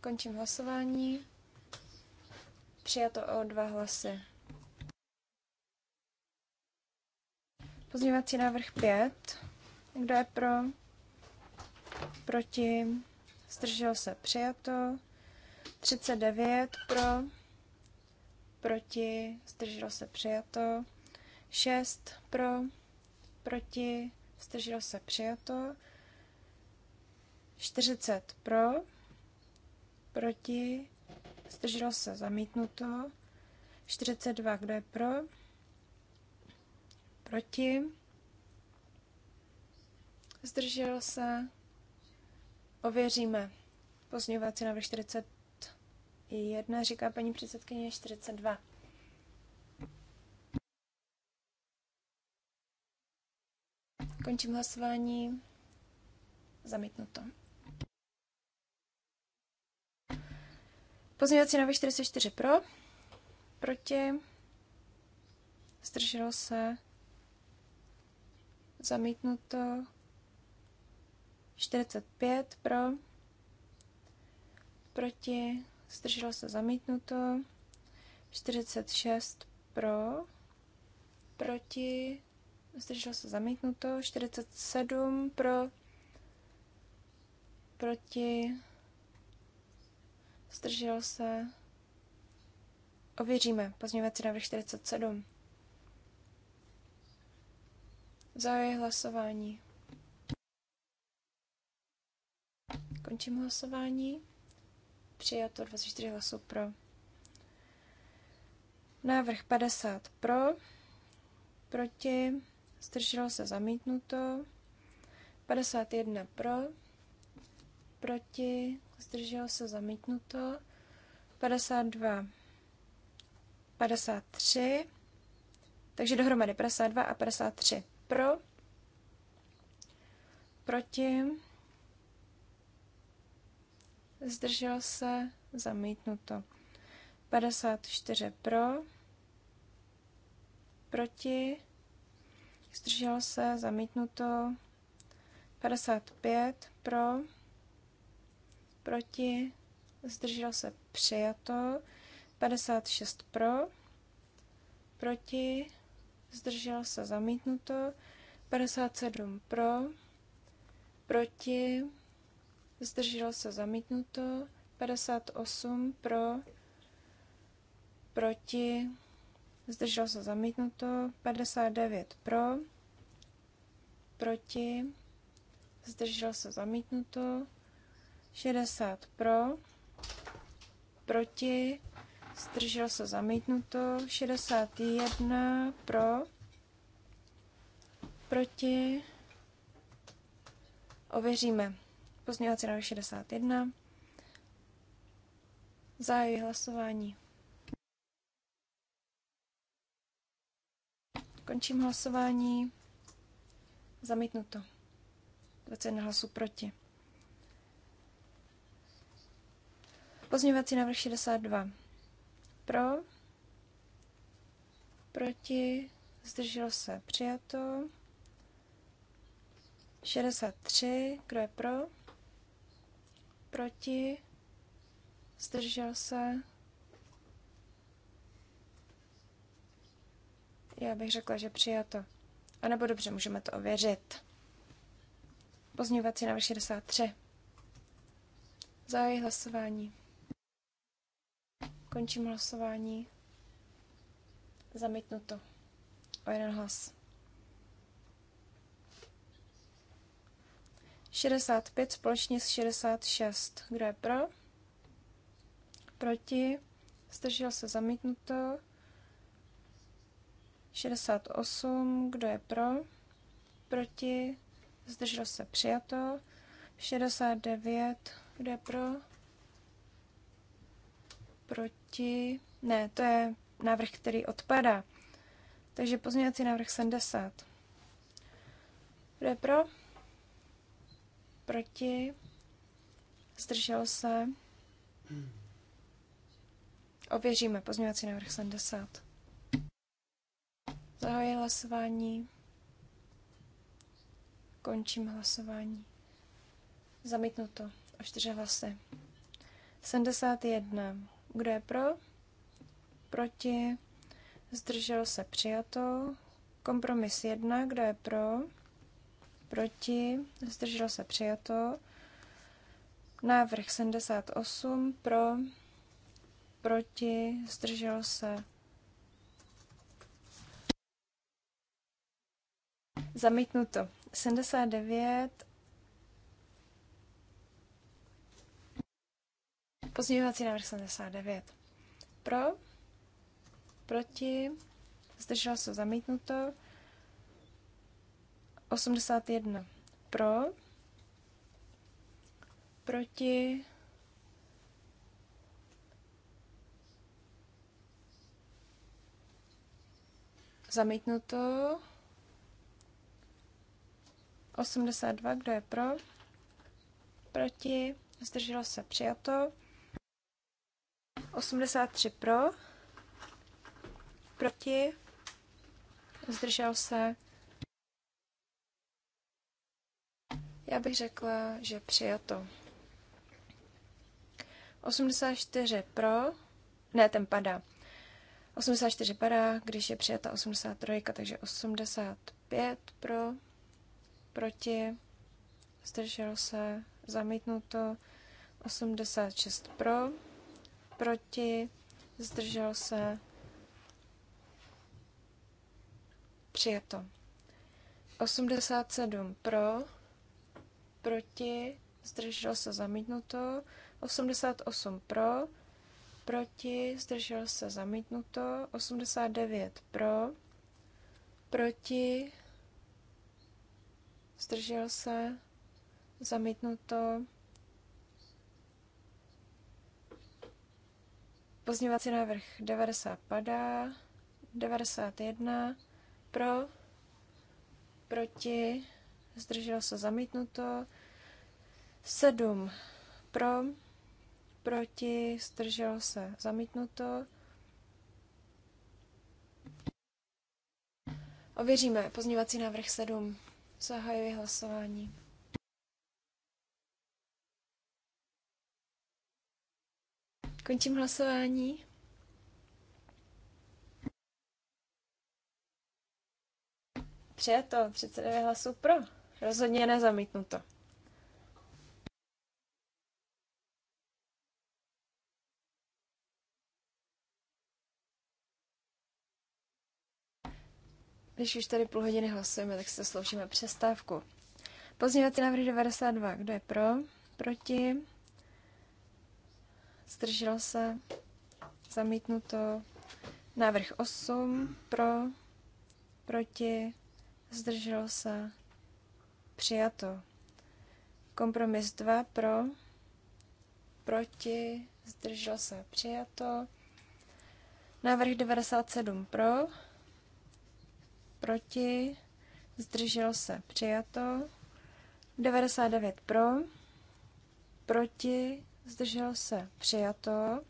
Končím hlasování. Přijato o dva hlasy. Pozměňovací návrh 5. Kdo je pro? Proti? Zdržel se přijato. 39 pro. Proti? Zdržel se přijato. 6 pro, proti, zdrželo se přijato. 40 pro, proti, zdrželo se zamítnuto. 42, kdo je pro, proti, zdrželo se, ověříme. Pozměňovací návrh 41 říká paní předsedkyně 42. Končím hlasování. Zamítnuto. Pozměňovací návrh 44 pro, proti, zdrželo se, zamítnuto, 45 pro, proti, zdrželo se, zamítnuto, 46 pro, proti, zdržel se zamítnuto, 47 pro, proti, zdržel se, ověříme, pozměňovací návrh 47. Zahajuji hlasování. Končím hlasování. Přijato 24 hlasů pro. Návrh 50 pro, proti, Zdrželo se zamítnuto, 51 pro, proti, Zdrželo se zamítnuto, 52, 53, takže dohromady 52 a 53 pro, proti, Zdrželo se zamítnuto, 54 pro, proti, zdržel se, zamítnuto. 55 pro, proti, zdržel se, přijato. 56 pro, proti, zdržel se, zamítnuto. 57 pro, proti, zdržel se, zamítnuto. 58 pro, proti, zdržel se zamítnuto, 59 pro, proti, zdržel se zamítnuto, 60 pro, proti, zdržel se zamítnuto, 61 pro, proti, ověříme pozměňovací návrh 61, zahajuji hlasování. Končím hlasování. Zamítnuto. 21 hlasů proti. Pozměňovací návrh 62. Pro. Proti. Zdrželo se. Přijato. 63. Kdo je pro? Proti. Zdržel se. Já bych řekla, že přijato. A nebo dobře, můžeme to ověřit. Pozměňovací návrh 63. Zahajuji hlasování. Končím hlasování. Zamítnuto. O jeden hlas. 65 společně s 66. Kdo je pro? Proti? Zdržel se zamítnuto. 68, kdo je pro, proti, zdrželo se přijato. 69, kdo je pro, proti, ne, to je návrh, který odpadá. Takže pozměňovací návrh 70. Kdo je pro? Proti? Zdržel se? Ověříme pozměňovací návrh 70. Zahajuji hlasování. Končím hlasování. Zamítnuto o čtyři hlasy. 71. Kdo je pro? Proti? Zdržel se přijato. Kompromis 1. Kdo je pro? Proti? Zdržel se přijato. Návrh 78. Pro? Proti? Zdržel se Zamítnuto. 79. Pozměňovací návrh 79. Pro. Proti. Zdrželo se zamítnuto. 81. Pro. Proti. Zamítnuto. 82, kdo je pro? Proti? Zdrželo se přijato. 83 pro. Proti? Zdržel se. Já bych řekla, že přijato. 84 pro. Ne, ten padá. 84 padá, když je přijata 83, takže 85 pro proti, zdržel se, zamítnuto 86 pro, proti, zdržel se, přijato. 87 pro, proti, zdržel se zamítnuto, 88 pro, proti, zdržel se zamítnuto, 89 pro, proti, zdržel se, zamítnuto. Pozměňovací návrh 90 padá, 91 pro, proti, zdržel se zamítnuto, 7 pro, proti, zdržel se zamítnuto. Ověříme pozměňovací návrh 7. Zahajuji hlasování. Končím hlasování. Přijato, 39 hlasů pro. Rozhodně nezamítnuto. Když už tady půl hodiny hlasujeme, tak si sloužíme přestávku. Pozměňovací návrh 92. Kdo je pro? Proti? Zdržel se? Zamítnuto? Návrh 8. Pro? Proti? Zdržel se? Přijato. Kompromis 2. Pro? Proti? Zdržel se? Přijato. Návrh 97. Pro? proti, zdržel se, přijato. 99 pro, proti, zdržel se, přijato.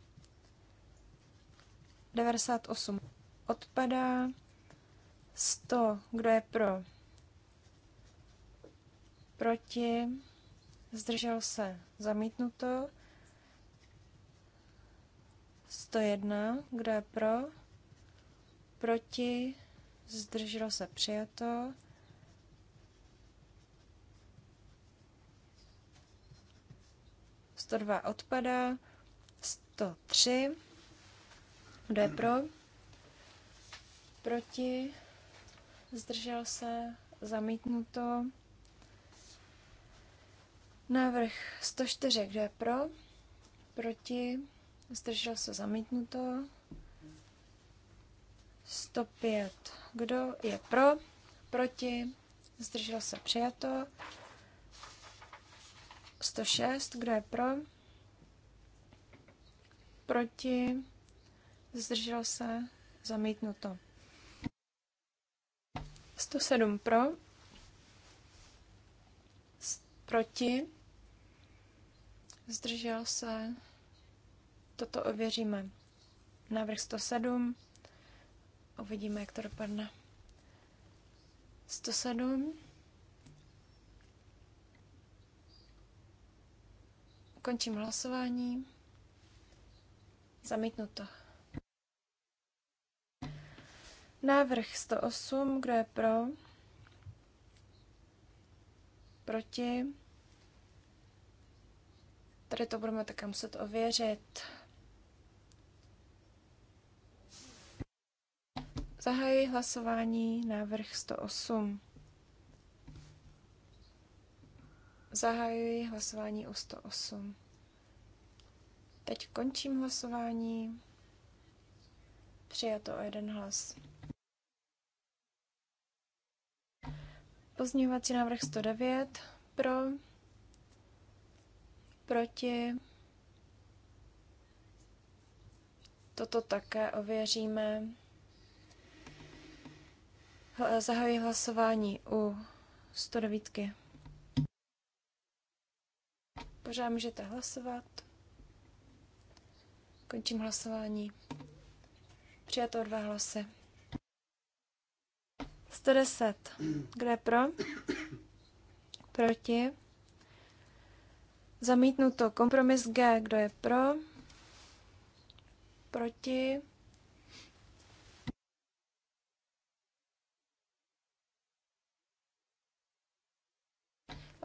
98 odpadá. 100, kdo je pro? Proti, zdržel se, zamítnuto. 101, kdo je pro? Proti, zdrželo se přijato. Sto dva odpadá, sto tři. Kdo je pro? Proti? Zdržel se? Zamítnuto? Návrh 104. Kdo je pro? Proti? Zdržel se? Zamítnuto? 105. Kdo je pro? Proti? Zdržel se přijato. 106. Kdo je pro? Proti? Zdržel se? Zamítnuto. 107 pro. Proti? Zdržel se? Toto ověříme. Návrh 107. Uvidíme, jak to dopadne. 107. Končím hlasování. Zamítnuto. Návrh 108, kdo je pro? Proti? Tady to budeme také muset ověřit. Zahajuji hlasování návrh 108. Zahajuji hlasování o 108. Teď končím hlasování. Přijato o jeden hlas. Pozměňovací návrh 109 pro, proti. Toto také ověříme. Zahajuji hlasování u 109. Pořád můžete hlasovat. Končím hlasování. Přijato dva hlasy. 110. Kdo je pro? Proti? Zamítnuto. Kompromis G. Kdo je pro? Proti?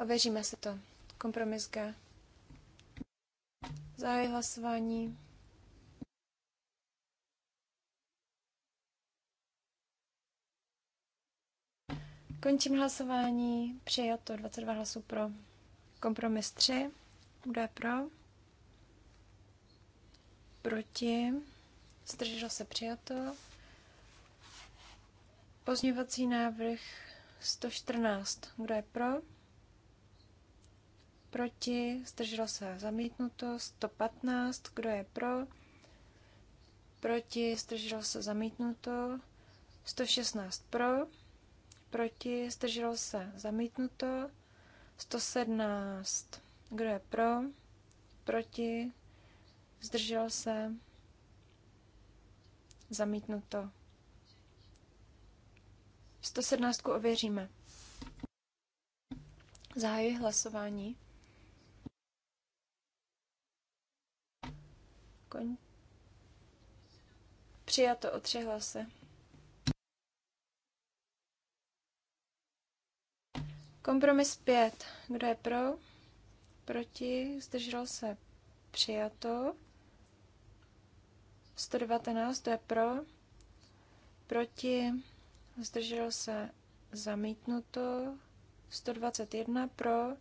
Ověříme si to. Kompromis G. Zahájí hlasování. Končím hlasování. Přijato 22 hlasů pro. Kompromis 3. Kdo je pro? Proti. Zdrželo se přijato. Pozměvací návrh 114. Kdo je pro? proti, zdrželo se zamítnuto, 115, kdo je pro, proti, zdrželo se zamítnuto, 116 pro, proti, zdrželo se zamítnuto, 117, kdo je pro, proti, zdrželo se zamítnuto. 117 ověříme. Zahajuji hlasování. Kon... Přijato o tři hlasy. Kompromis 5. Kdo je pro? Proti? Zdrželo se? Přijato. 119. Kdo je pro? Proti? Zdrželo se? Zamítnuto. 121. Pro?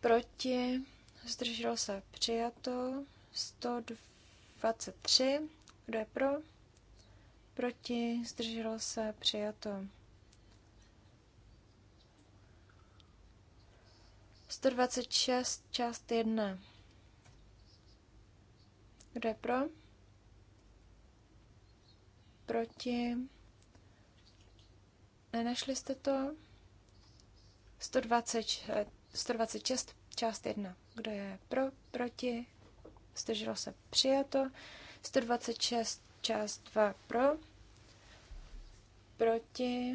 Proti? zdrželo se, přijato. 123, kdo je pro? Proti, zdrželo se, přijato. 126, část 1. Kdo je pro? Proti. Nenašli jste to? 120, 126, část 1. Kdo je pro, proti? Zdrželo se přijato. 126 část 2 pro, proti,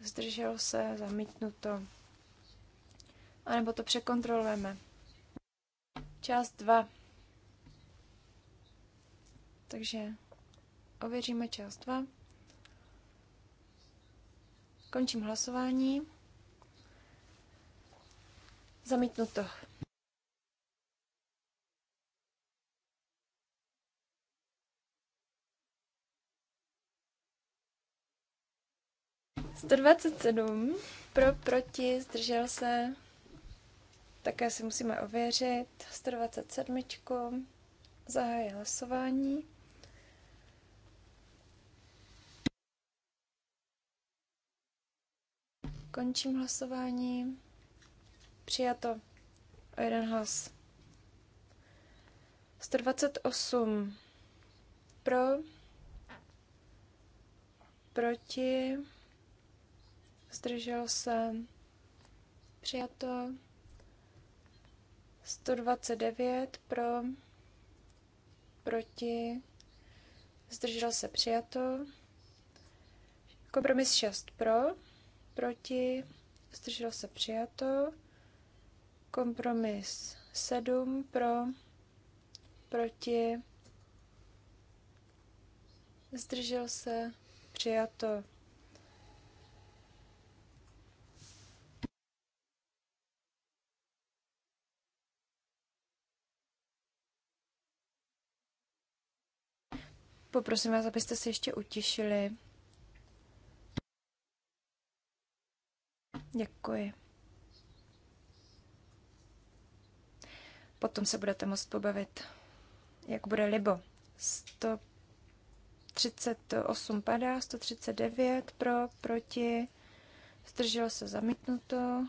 zdrželo se, zamítnuto. A nebo to překontrolujeme. Část 2. Takže ověříme část 2. Končím hlasování. Zamítnuto. Sto dvacet sedm. Pro, proti, zdržel se. Také si musíme ověřit. 127. Zahájí hlasování. Končím hlasování. Přijato. O jeden hlas. 128 pro, proti, zdržel se, přijato, 129 pro, proti, zdržel se, přijato, kompromis 6 pro, proti, zdržel se, přijato, Kompromis 7 pro, proti, zdržel se, přijato. Poprosím vás, abyste se ještě utišili. Děkuji. Potom se budete moct pobavit, jak bude libo. 138 padá, 139 pro, proti, zdrželo se zamítnuto,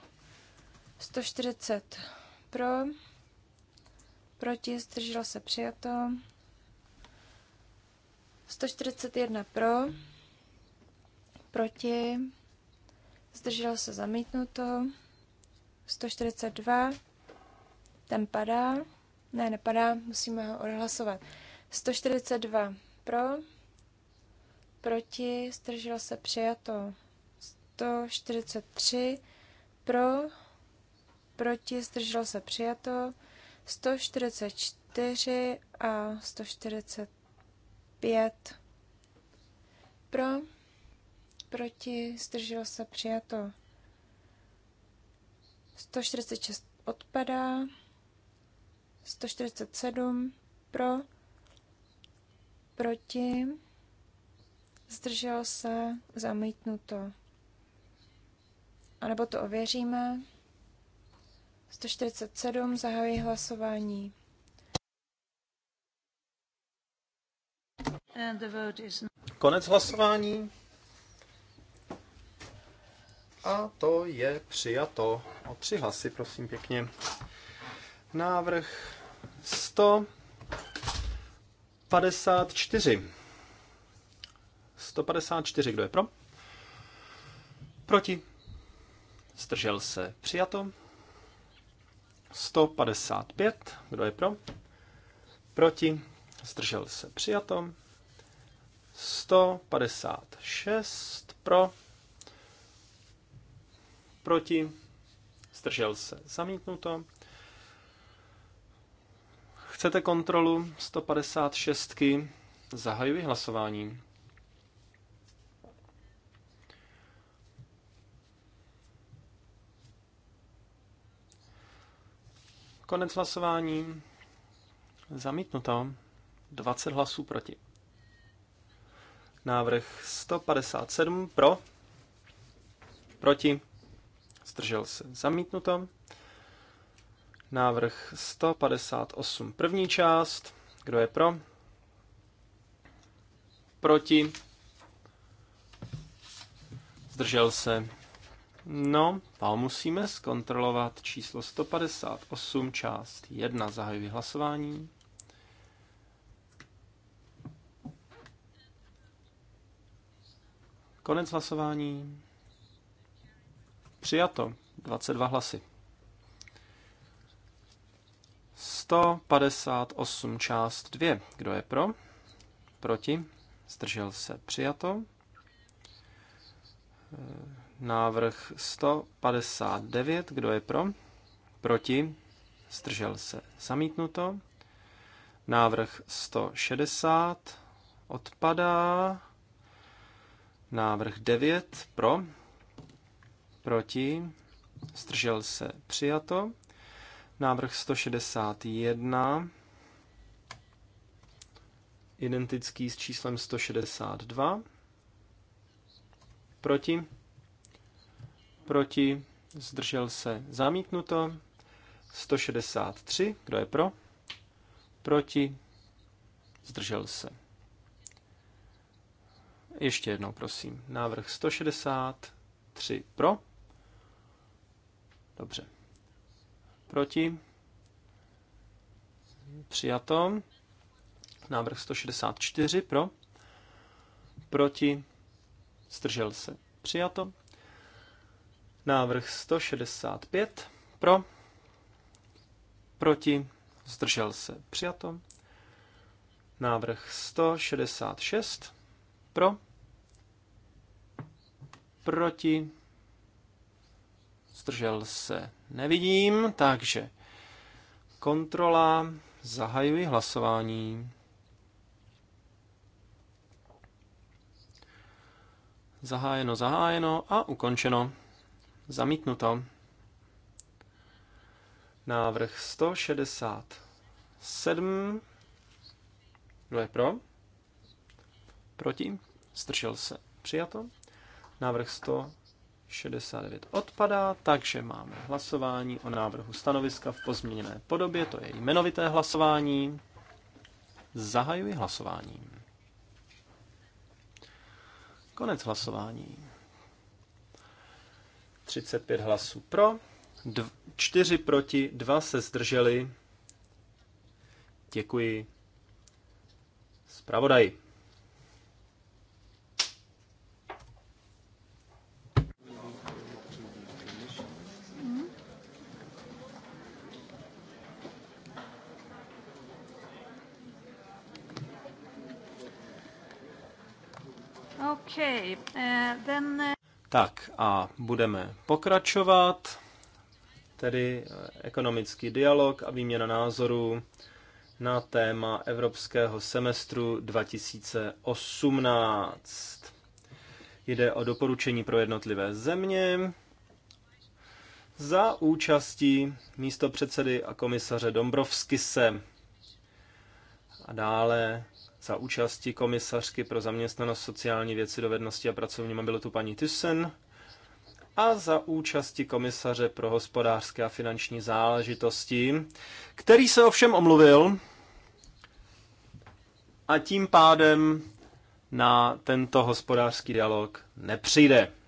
140 pro, proti, zdrželo se přijato, 141 pro, proti, zdrželo se zamítnuto, 142 ten padá. Ne, nepadá, musíme ho odhlasovat. 142 pro, proti, zdrželo se přijato. 143 pro, proti, zdrželo se přijato. 144 a 145 pro, proti, zdrželo se přijato. 146 odpadá. 147 pro, proti, zdržel se, zamítnuto. A nebo to ověříme. 147, zahajuji hlasování. And the vote is... Konec hlasování. A to je přijato. O tři hlasy, prosím pěkně. Návrh 154. 154, kdo je pro? Proti. Zdržel se. Přijato. 155, kdo je pro? Proti. Zdržel se. Přijato. 156 pro. Proti. Zdržel se. Zamítnuto. Chcete kontrolu 156? -ky? Zahajuji hlasování. Konec hlasování. Zamítnuto. 20 hlasů proti. Návrh 157 pro. Proti. Zdržel se. Zamítnuto. Návrh 158. První část. Kdo je pro? Proti? Zdržel se. No, a musíme zkontrolovat číslo 158, část 1. Zahajuji hlasování. Konec hlasování. Přijato. 22 hlasy. 158 část 2. Kdo je pro? Proti? Zdržel se přijato. Eh, návrh 159. Kdo je pro? Proti? Zdržel se zamítnuto. Návrh 160 odpadá. Návrh 9 pro, proti, zdržel se přijato. Návrh 161, identický s číslem 162. Proti? Proti? Zdržel se zamítnuto. 163. Kdo je pro? Proti? Zdržel se. Ještě jednou, prosím. Návrh 163 pro. Dobře. Proti? Přijato. Návrh 164 pro. Proti? Zdržel se. Přijato. Návrh 165 pro. Proti? Zdržel se. Přijato. Návrh 166 pro. Proti? zdržel se, nevidím, takže kontrola, zahajuji hlasování. Zahájeno, zahájeno a ukončeno. Zamítnuto. Návrh 167. Kdo je pro? Proti? Stržil se. Přijato. Návrh 100. 69 odpadá, takže máme hlasování o návrhu stanoviska v pozměněné podobě, to je jmenovité hlasování. Zahajuji hlasování. Konec hlasování. 35 hlasů pro, 4 proti, 2 se zdrželi. Děkuji. Spravodaj. Eh, then... Eh, tak a budeme pokračovat, tedy eh, ekonomický dialog a výměna názorů na téma Evropského semestru 2018. Jde o doporučení pro jednotlivé země za účastí místo předsedy a komisaře Dombrovskise. A dále za účasti komisařky pro zaměstnanost, sociální věci, dovednosti a pracovní mobilitu paní Thyssen a za účasti komisaře pro hospodářské a finanční záležitosti, který se ovšem omluvil a tím pádem na tento hospodářský dialog nepřijde.